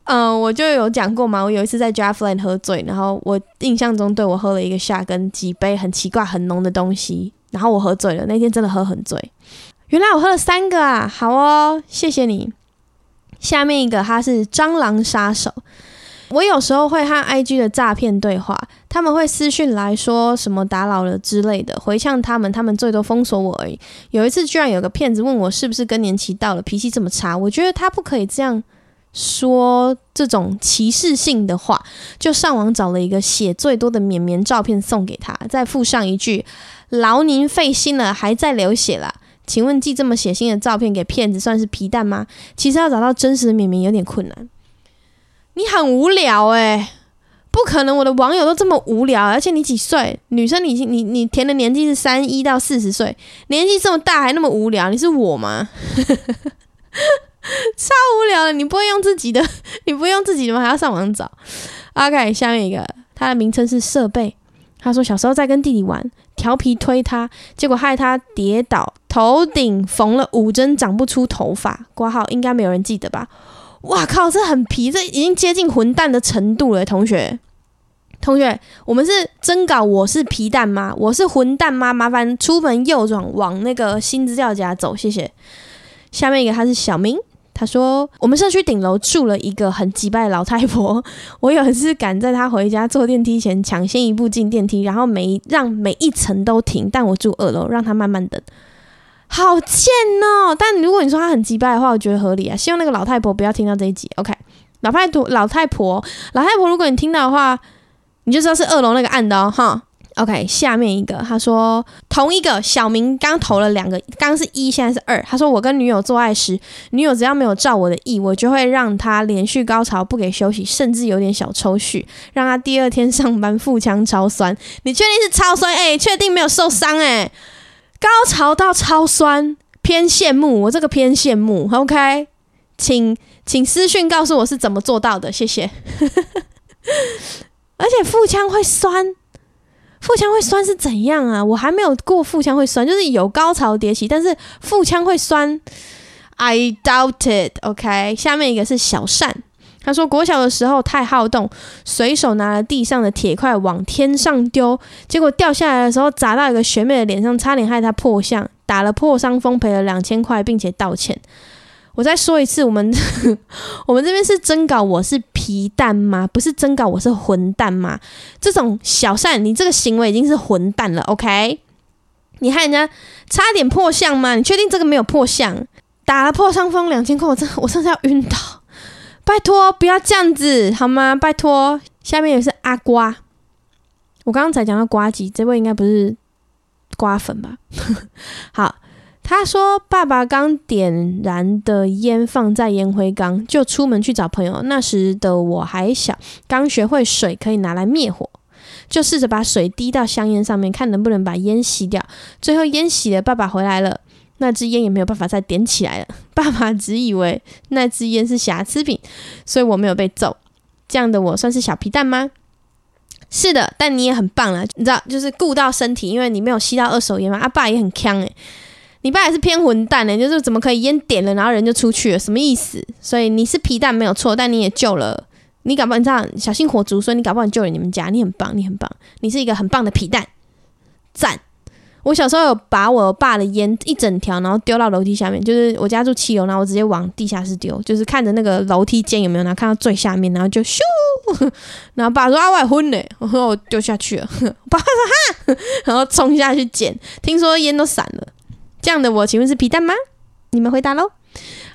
嗯，我就有講過嘛，我有一次在 Draftland 喝醉，然後我印象中對我喝了一個 shot 跟幾杯很奇怪、很濃的東西，然後我喝醉了，那天真的喝很醉。原來我喝了三個啊，好哦，謝謝你。下面一個他是蟑螂殺手。我有時候會和 IG 的詐騙對話，他們會私訊來說什麼打擾了之類的，回嗆他們，他們最多封鎖我而已。有一次居然有個騙子問我是不是更年期到了，脾氣這麼差，我覺得他不可以這樣說這種歧視性的話，就上網找了一個血最多的棉棉照片送給他，再附上一句勞您費心了，還在流血啦。請問寄這麼血腥的照片給騙子算是皮蛋嗎？其實要找到真實的棉棉有點困難。你很無聊哎、欸，不可能，我的網友都這麼無聊，而且你幾歲？女生你，你你你填的年紀是三一到四十歲，年紀這麼大還那麼無聊，你是我嗎？ [LAUGHS] 超無聊的，你不會用自己的，你不會用自己的嗎？還要上網找？OK，下面一個，他的名稱是設備。他說小時候在跟弟弟玩，調皮推他，結果害他跌倒，頭頂縫了五針，長不出頭髮。括號應該沒有人記得吧？哇靠！這很皮，這已經接近混蛋的程度了，同學。同學，我們是真搞，我是皮蛋嗎？我是混蛋嗎？麻煩出門右轉，往那個新資料夾走，謝謝。下面一個，他是小明，他說我們社區頂樓住了一個很機掰的老太婆，我有一次趕在她回家坐電梯前，搶先一步進電梯，然後每讓每一層都停，但我住二樓，讓她慢慢等。好賤哦！但如果你說他很擊敗的話，我覺得合理啊。希望那個老太婆不要聽到這一集，OK？老太婆，老太婆，老太婆，如果你聽到的話，你就知道是二樓那個案的哦，哈。OK，下面一個，他說同一個小明剛投了兩個，剛是一，現在是二。他說我跟女友做愛時，女友只要沒有照我的意，我就會讓她連續高潮不給休息，甚至有點小抽搐，讓她第二天上班腹腔超酸。你確定是超酸？哎、欸，確定沒有受傷、欸？哎。高潮到超酸，偏羨慕，我這個偏羨慕，OK，請請私訊告訴我是怎麼做到的，謝謝。 [LAUGHS] 而且腹腔會酸，腹腔會酸是怎樣啊？我還沒有過腹腔會酸，就是有高潮迭起，但是腹腔會酸，I doubt it。OK，下面一個是小善。他說：“國小的時候太好動，隨手拿了地上的鐵塊往天上丟，結果掉下來的時候砸到一個學妹的臉上，差點害她破相，打了破傷風，賠了兩千塊，並且道歉。”我再說一次，我們 [LAUGHS] 我們這邊是徵稿，我是皮蛋嗎？不是徵稿，我是混蛋嗎？這種小善，你這個行為已經是混蛋了。OK，你害人家差點破相嗎？你確定這個沒有破相？打了破傷風兩千塊，我真我真是要暈倒。拜託，不要這樣子，好嗎？拜託，下面也是阿瓜。我剛剛才講到呱吉，這位應該不是瓜粉吧？ [LAUGHS] 好，他說爸爸剛點燃的菸放在菸灰缸，就出門去找朋友。那時的我還小，剛學會水可以拿來滅火，就試着把水滴到香菸上面，看能不能把菸熄掉。最後菸熄了，爸爸回來了。那支煙也沒有辦法再點起來了。爸爸只以為那支煙是瑕疵品，所以我沒有被揍。這樣的我算是小皮蛋嗎？是的，但你也很棒啊！你知道，就是顧到身體，因為你沒有吸到二手煙嘛。阿爸也很強欸，你爸也是偏混蛋欸。就是怎麼可以煙點了，然後人就出去了，什麼意思？所以你是皮蛋沒有錯，但你也救了，你敢不敢這樣小心火燭？所以你敢不敢救了你們家？你很棒，你很棒，你是一個很棒的皮蛋，讚！我小時候有把我爸的煙一整條，然後丟到樓梯下面。就是我家住七樓，然後我直接往地下室丟，就是看着那個樓梯間有沒有，然後看到最下面，然後就咻。然後爸說：“啊，外昏呢！”我說：“我丟下去了。”爸爸說：“哈！”然後衝下去撿，聽說煙都散了。這樣的我，請問是皮蛋嗎？你們回答嘍。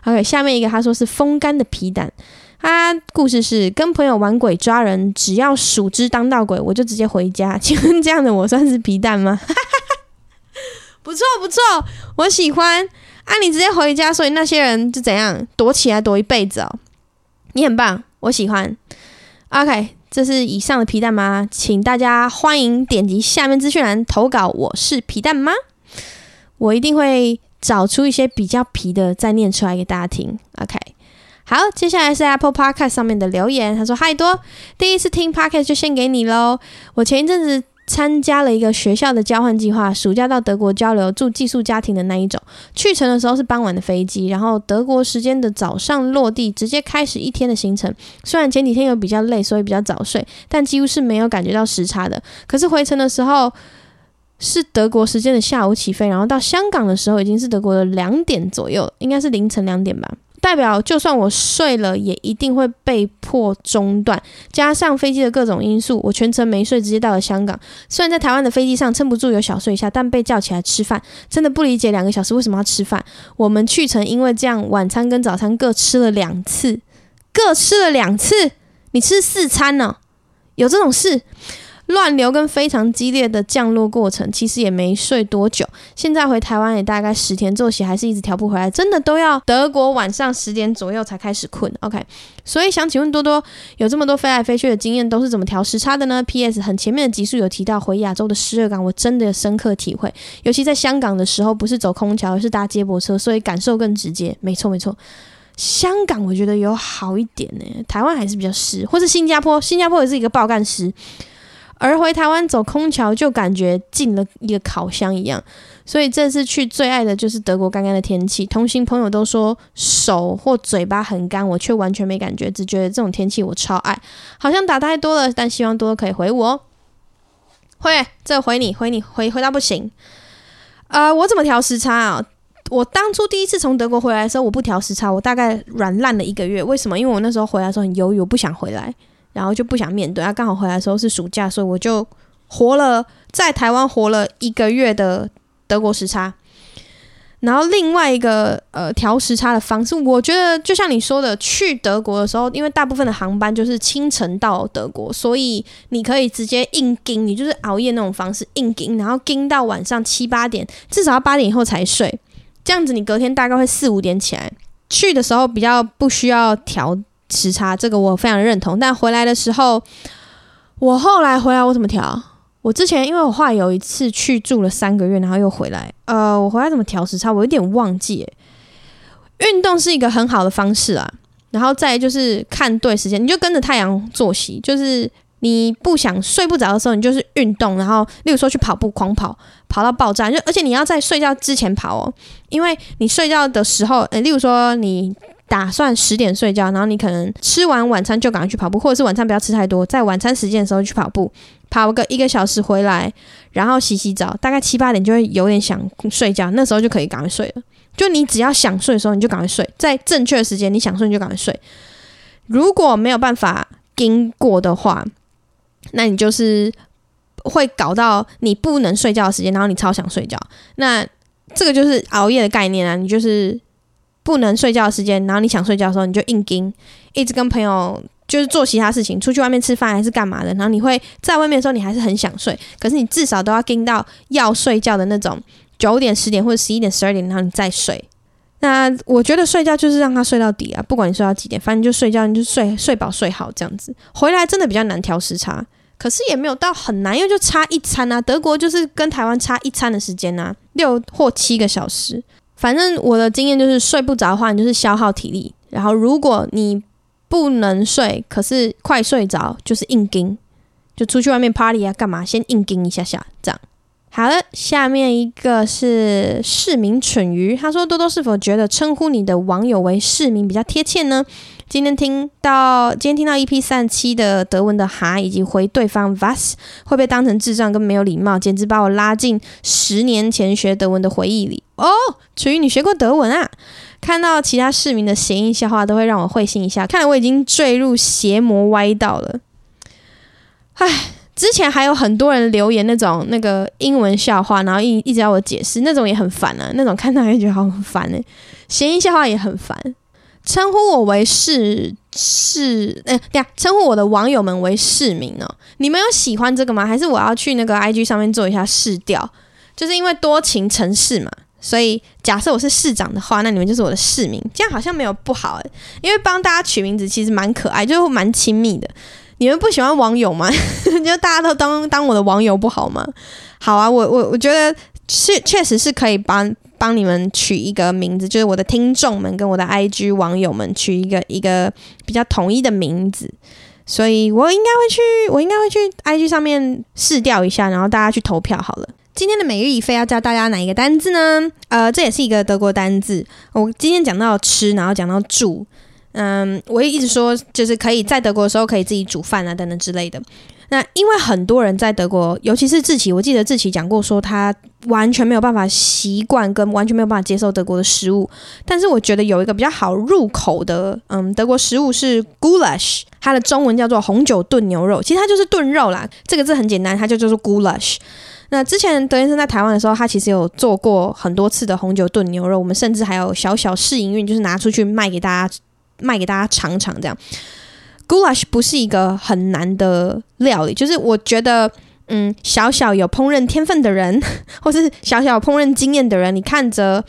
OK，下面一個他說是風乾的皮蛋。他、啊、故事是跟朋友玩鬼抓人，只要鼠之當道鬼，我就直接回家。請問這樣的我算是皮蛋嗎？哈哈不錯不錯，我喜歡。啊，你直接回家，所以那些人就怎樣躲起來躲一輩子哦。你很棒，我喜歡。OK，這是以上的皮蛋嗎，請大家歡迎點擊下面資訊欄投稿。我是皮蛋嗎，我一定會找出一些比較皮的再念出來給大家聽。OK，好，接下來是 Apple Podcast 上面的留言，他說嗨多，第一次聽 Podcast 就獻給你嘍。我前一陣子。參加了一個學校的交換計劃，暑假到德國交流，住寄宿家庭的那一種。去程的時候是傍晚的飛機，然後德國時間的早上落地，直接開始一天的行程。雖然前幾天有比較累，所以比較早睡，但幾乎是沒有感覺到時差的。可是回程的時候是德國時間的下午起飛，然後到香港的時候已經是德國的兩點左右，應該是凌晨兩點吧。代表就算我睡了，也一定會被迫中斷。加上飛機的各種因素，我全程沒睡，直接到了香港。雖然在台灣的飛機上撐不住，有小睡一下，但被叫起來吃飯，真的不理解兩個小時為什麼要吃飯。我們去成去程因為這樣，晚餐跟早餐各吃了兩次，各吃了兩次，你吃四餐呢、哦？有這種事？亂流跟非常激烈的降落過程，其實也沒睡多久。現在回台灣也大概十天，作息還是一直調不回來，真的都要德國晚上十點左右才開始困。OK，所以想請問多多，有這麼多飛來飛去的經驗，都是怎麼調時差的呢？PS，很前面的集數有提到回亞洲的濕熱感，我真的有深刻體會，尤其在香港的時候，不是走空橋，而是搭接駁車，所以感受更直接。沒錯沒錯，香港我覺得有好一點呢、欸，台灣還是比較濕，或是新加坡，新加坡也是一個爆乾濕。而回台灣走空橋，就感覺進了一個烤箱一樣。所以這次去最愛的就是德國乾乾的天氣。同行朋友都說手或嘴巴很乾，我卻完全沒感覺，只覺得這種天氣我超愛。好像打太多了，但希望多多可以回我會，這回你回你回回到不行。呃，我怎麼調時差啊？我當初第一次從德國回來的時候，我不調時差，我大概軟爛了一個月。為什麼？因為我那時候回來的時候很猶豫，我不想回來。然後就不想面對啊，剛好回來的時候是暑假，所以我就活了在台灣活了一個月的德國時差。然後另外一個呃調時差的方式，我覺得就像你說的，去德國的時候，因為大部分的航班就是清晨到德國，所以你可以直接硬撐，你就是熬夜那種方式硬撐，然後撐到晚上七八點，至少要八點以後才睡，這樣子你隔天大概會四五點起來。去的時候比較不需要調。時差這個我非常認同，但回來的時候，我後來回來我怎麼調？我之前因為我話有一次去住了三個月，然後又回來，呃，我回來怎麼調時差？我有點忘記。運動是一個很好的方式啊，然後再就是看對時間，你就跟着太陽作息，就是你不想睡不着的時候，你就是運動，然後例如說去跑步狂跑，跑到爆炸，就而且你要在睡覺之前跑哦，因為你睡覺的時候，欸，例如說你。打算十點睡覺，然後你可能吃完晚餐就趕快去跑步，或者是晚餐不要吃太多，在晚餐時間的時候去跑步，跑個一個小時回來，然後洗洗澡，大概七八點就會有點想睡覺，那時候就可以趕快睡了。就你只要想睡的時候，你就趕快睡，在正確的時間你想睡你就趕快睡。如果沒有辦法經過的話，那你就是會搞到你不能睡覺的時間，然後你超想睡覺。那這個就是熬夜的概念啊，你就是。不能睡覺的時間，然後你想睡覺的時候，你就硬盯，一直跟朋友就是做其他事情，出去外面吃飯還是幹嘛的，然後你會在外面的時候，你還是很想睡，可是你至少都要盯到要睡覺的那種，九點、十點或者十一點、十二點，然後你再睡。那我覺得睡覺就是讓他睡到底啊，不管你睡到幾點，反正就睡覺，你就睡睡飽睡好這樣子。回來真的比較難調時差，可是也沒有到很難，因為就差一餐啊，德國就是跟台灣差一餐的時間啊，六或七個小時。反正我的經驗就是，睡不着的話，你就是消耗體力；然後，如果你不能睡，可是快睡着，就是硬盯，就出去外面 party 啊，幹嘛？先硬盯一下下，這樣。好了，下面一個是市民蠢魚，他說：“多多是否覺得稱呼你的網友為市民比較貼切呢？”今天聽到今天聽到 EP37 的德文的哈，以及回對方 Vas 會被當成智障跟沒有禮貌，簡直把我拉進十年前學德文的回憶裡。哦，楚瑜，你學過德文啊？看到其他市民的諧音笑話，都會讓我會心一笑。看來我已經墜入邪魔歪道了。唉，之前還有很多人留言那種那個英文笑話，然後一一直要我解釋，那種也很煩啊。那種看到也覺得好煩呢，欸，諧音笑話也很煩。稱呼我為市市，欸，對呀，稱呼我的網友們為市民喔。你們有喜歡這個嗎？還是我要去那個 IG 上面做一下市調？就是因為多情城市嘛，所以假設我是市長的話，那你們就是我的市民，這樣好像沒有不好欸。因為幫大家取名字其實蠻可愛，就蠻親密的。你們不喜歡網友嗎？ [LAUGHS] 就大家都當當我的網友不好嗎？好啊，我我我覺得確實是可以幫。幫你們取一個名字，就是我的聽眾們跟我的 IG 網友們取一個一個比較統一的名字，所以我應該會去，我應該會去 IG 上面試調一下，然後大家去投票好了。今天的每集一廢要教大家哪一個單字呢？呃，這也是一個德國單字。我今天講到吃，然後講到住，嗯，我也一直說就是可以在德國的時候可以自己煮飯啊等等之類的。那因為很多人在德國，尤其是志奇。我記得志奇講過說他完全沒有辦法習慣跟完全沒有辦法接受德國的食物。但是我覺得有一個比較好入口的，嗯，德國食物是 Gulasch，它的中文叫做紅酒燉牛肉，其實它就是燉肉啦，這個字很簡單，它就叫做 Gulasch。那之前德先生在台灣的時候，他其實有做過很多次的紅酒燉牛肉，我們甚至還有小小試營運，就是拿出去賣給大家，賣給大家嚐嚐這樣。Goulash 不是一個很難的料理，就是我覺得，嗯，小小有烹飪天分的人，或是小小有烹飪經驗的人，你看着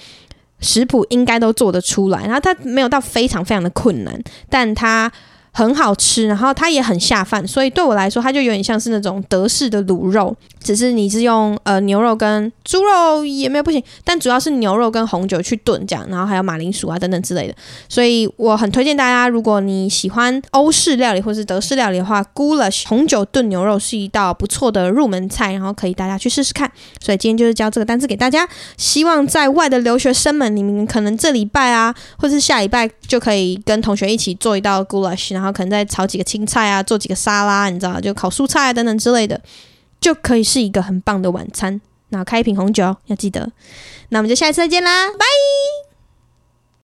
食譜應該都做得出來，然後它沒有到非常非常的困難，但它，很好吃，然後它也很下飯，所以對我來說，它就有點像是那種德式的滷肉，只是你是用呃牛肉跟豬肉，也沒有不行，但主要是牛肉跟紅酒去燉這樣，然後還有馬鈴薯啊等等之類的，所以我很推薦大家，如果你喜歡歐式料理或是德式料理的話，Gulasch 紅酒燉牛肉是一道不錯的入門菜，然後可以大家去試試看。所以今天就是教這個單字給大家，希望在外的留學生們，你們可能這禮拜啊，或是下禮拜就可以跟同學一起做一道 Gulasch，然後。然後可能再炒幾個青菜啊，做幾個沙拉，你知道，就烤蔬菜啊，等等之類的，就可以是一個很棒的晚餐。那我開一瓶紅酒，要記得。那我們就下一次再見啦，拜。